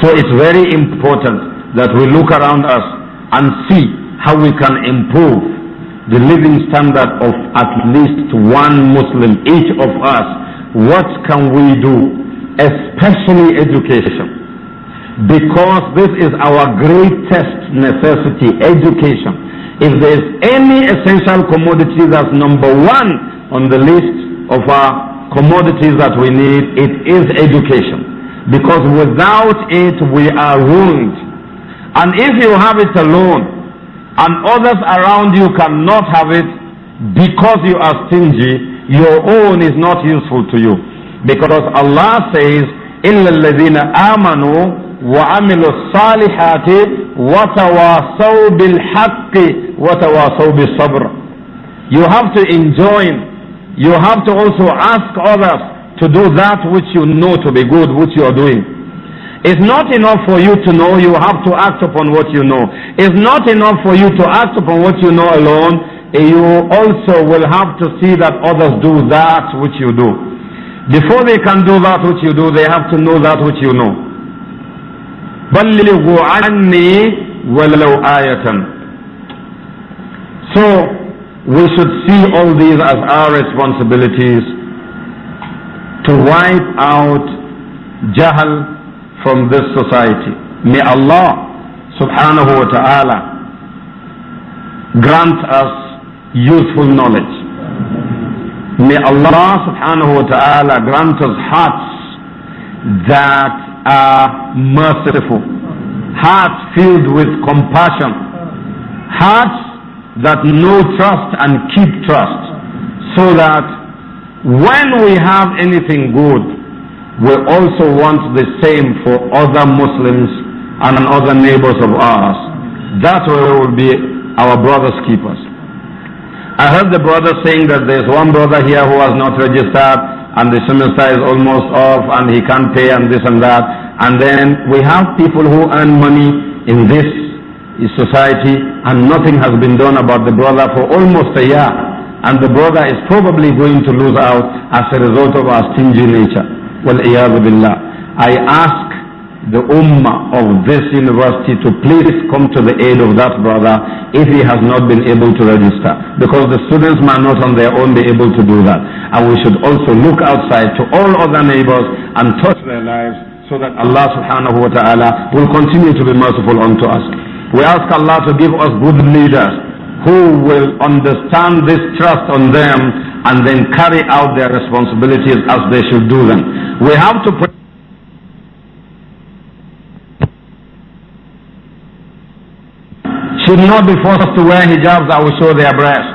So it's very important that we look around us and see how we can improve the living standard of at least one Muslim, each of us. What can we do? Especially education. Because this is our greatest necessity, education. If there is any essential commodity that's number one on the list of our commodities that we need, it is education. Because without it, we are ruined. And if you have it alone, and others around you cannot have it because you are stingy, your own is not useful to you. Because Allah says, إِلَّا الَّذِينَ آمَنُوا وَعَمِلُوا الصَّالِحَاتِ وَتَوَاصَوْا بِالْحَقِّ وَتَوَاصَوْا بِالصَّبْرِ You have to enjoin. You have to also ask others to do that which you know to be good, which you are doing. It's not enough for you to know, you have to act upon what you know. It's not enough for you to act upon what you know alone, you also will have to see that others do that which you do. Before they can do that which you do, they have to know that which you know. So we should see all these as our responsibilities to wipe out Jahal from this society. May Allah subhanahu wa ta'ala grant us useful knowledge. May Allah subhanahu wa ta'ala grant us hearts that are merciful, hearts filled with compassion, hearts that know trust and keep trust so that when we have anything good, we also want the same for other Muslims and other neighbors of ours. That way we will be our brother's keepers. I heard the brother saying that there's one brother here who has not registered and the semester is almost off and he can't pay and this and that. And then we have people who earn money in this society and nothing has been done about the brother for almost a year and the brother is probably going to lose out as a result of our stingy nature. Well, I ask the ummah of this university to please come to the aid of that brother if he has not been able to register because the students might not on their own be able to do that and we should also look outside to all other neighbors and touch their lives so that Allah subhanahu wa ta'ala will continue to be merciful unto us we ask Allah to give us good leaders who will understand this trust on them and then carry out their responsibilities as they should do them. We have to Should not be forced to wear hijabs that will show their breasts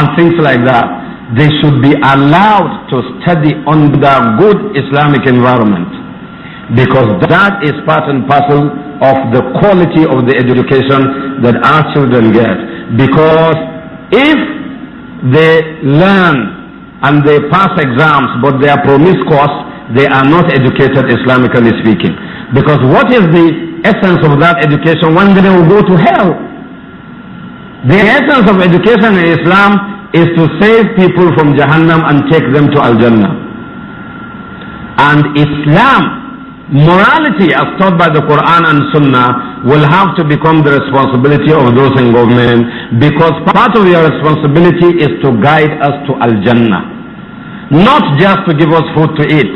and things like that. They should be allowed to study under good Islamic environment because that is part and parcel of the quality of the education that our children get. Because if they learn and they pass exams but they are promiscuous, they are not educated Islamically speaking. Because what is the essence of that education? One day they will go to hell. The essence of education in Islam is to save people from Jahannam and take them to Al-Jannah. And Islam morality as taught by the Quran and Sunnah will have to become the responsibility of those in government because part of your responsibility is to guide us to Al-Jannah. Not just to give us food to eat,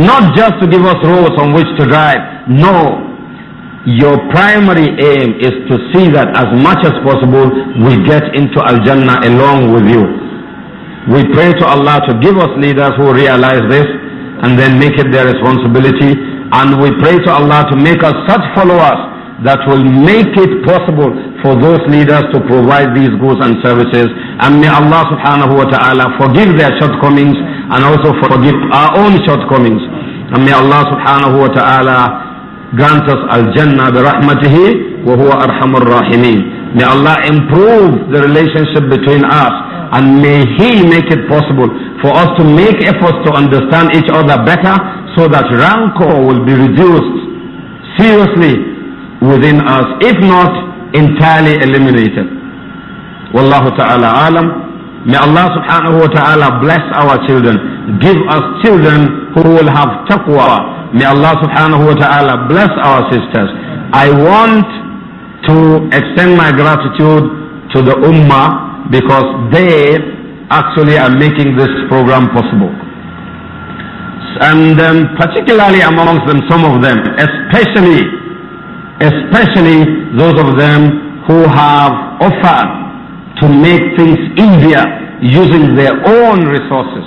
not just to give us roads on which to drive. No. Your primary aim is to see that as much as possible we get into Al-Jannah along with you. We pray to Allah to give us leaders who realize this and then make it their responsibility and we pray to Allah to make us such followers that will make it possible for those leaders to provide these goods and services. And may Allah subhanahu wa ta'ala forgive their shortcomings and also forgive our own shortcomings. And may Allah subhanahu wa ta'ala grant us al-jannah bi rahmatihi wa huwa arhamur rahimin. May Allah improve the relationship between us and may He make it possible for us to make efforts to understand each other better so that rancor will be reduced seriously within us, if not entirely eliminated. Wallahu ta'ala alam. May Allah subhanahu wa ta'ala bless our children. Give us children who will have taqwa. May Allah subhanahu wa ta'ala bless our sisters. I want to extend my gratitude to the ummah because they actually are making this program possible and um, particularly amongst them, some of them, especially, especially those of them who have offered to make things easier using their own resources.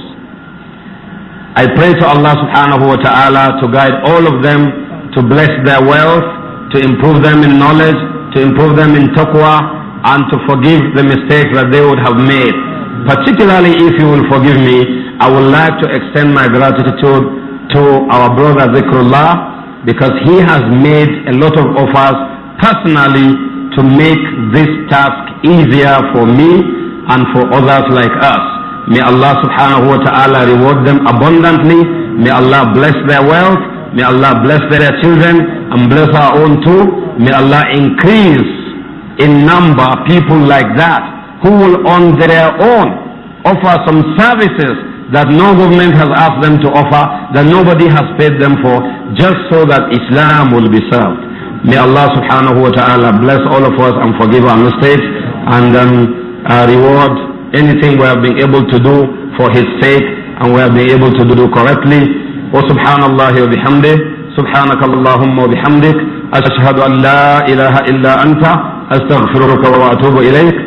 I pray to Allah subhanahu wa ta'ala to guide all of them, to bless their wealth, to improve them in knowledge, to improve them in taqwa, and to forgive the mistakes that they would have made. Particularly if you will forgive me, I would like to extend my gratitude to our brother Zikrullah because he has made a lot of offers personally to make this task easier for me and for others like us. May Allah subhanahu wa ta'ala reward them abundantly. May Allah bless their wealth. May Allah bless their children and bless our own too. May Allah increase in number people like that who will on their own offer some services that no government has asked them to offer, that nobody has paid them for, just so that Islam will be served. May Allah subhanahu wa ta'ala bless all of us and forgive our mistakes and uh, reward anything we have been able to do for His sake and we have been able to do correctly. subhanallah, وسبحان الله وبحمده سبحانك bihamdik. وبحمدك an la ilaha illa anta. Astaghfiruka wa atubu ilayk.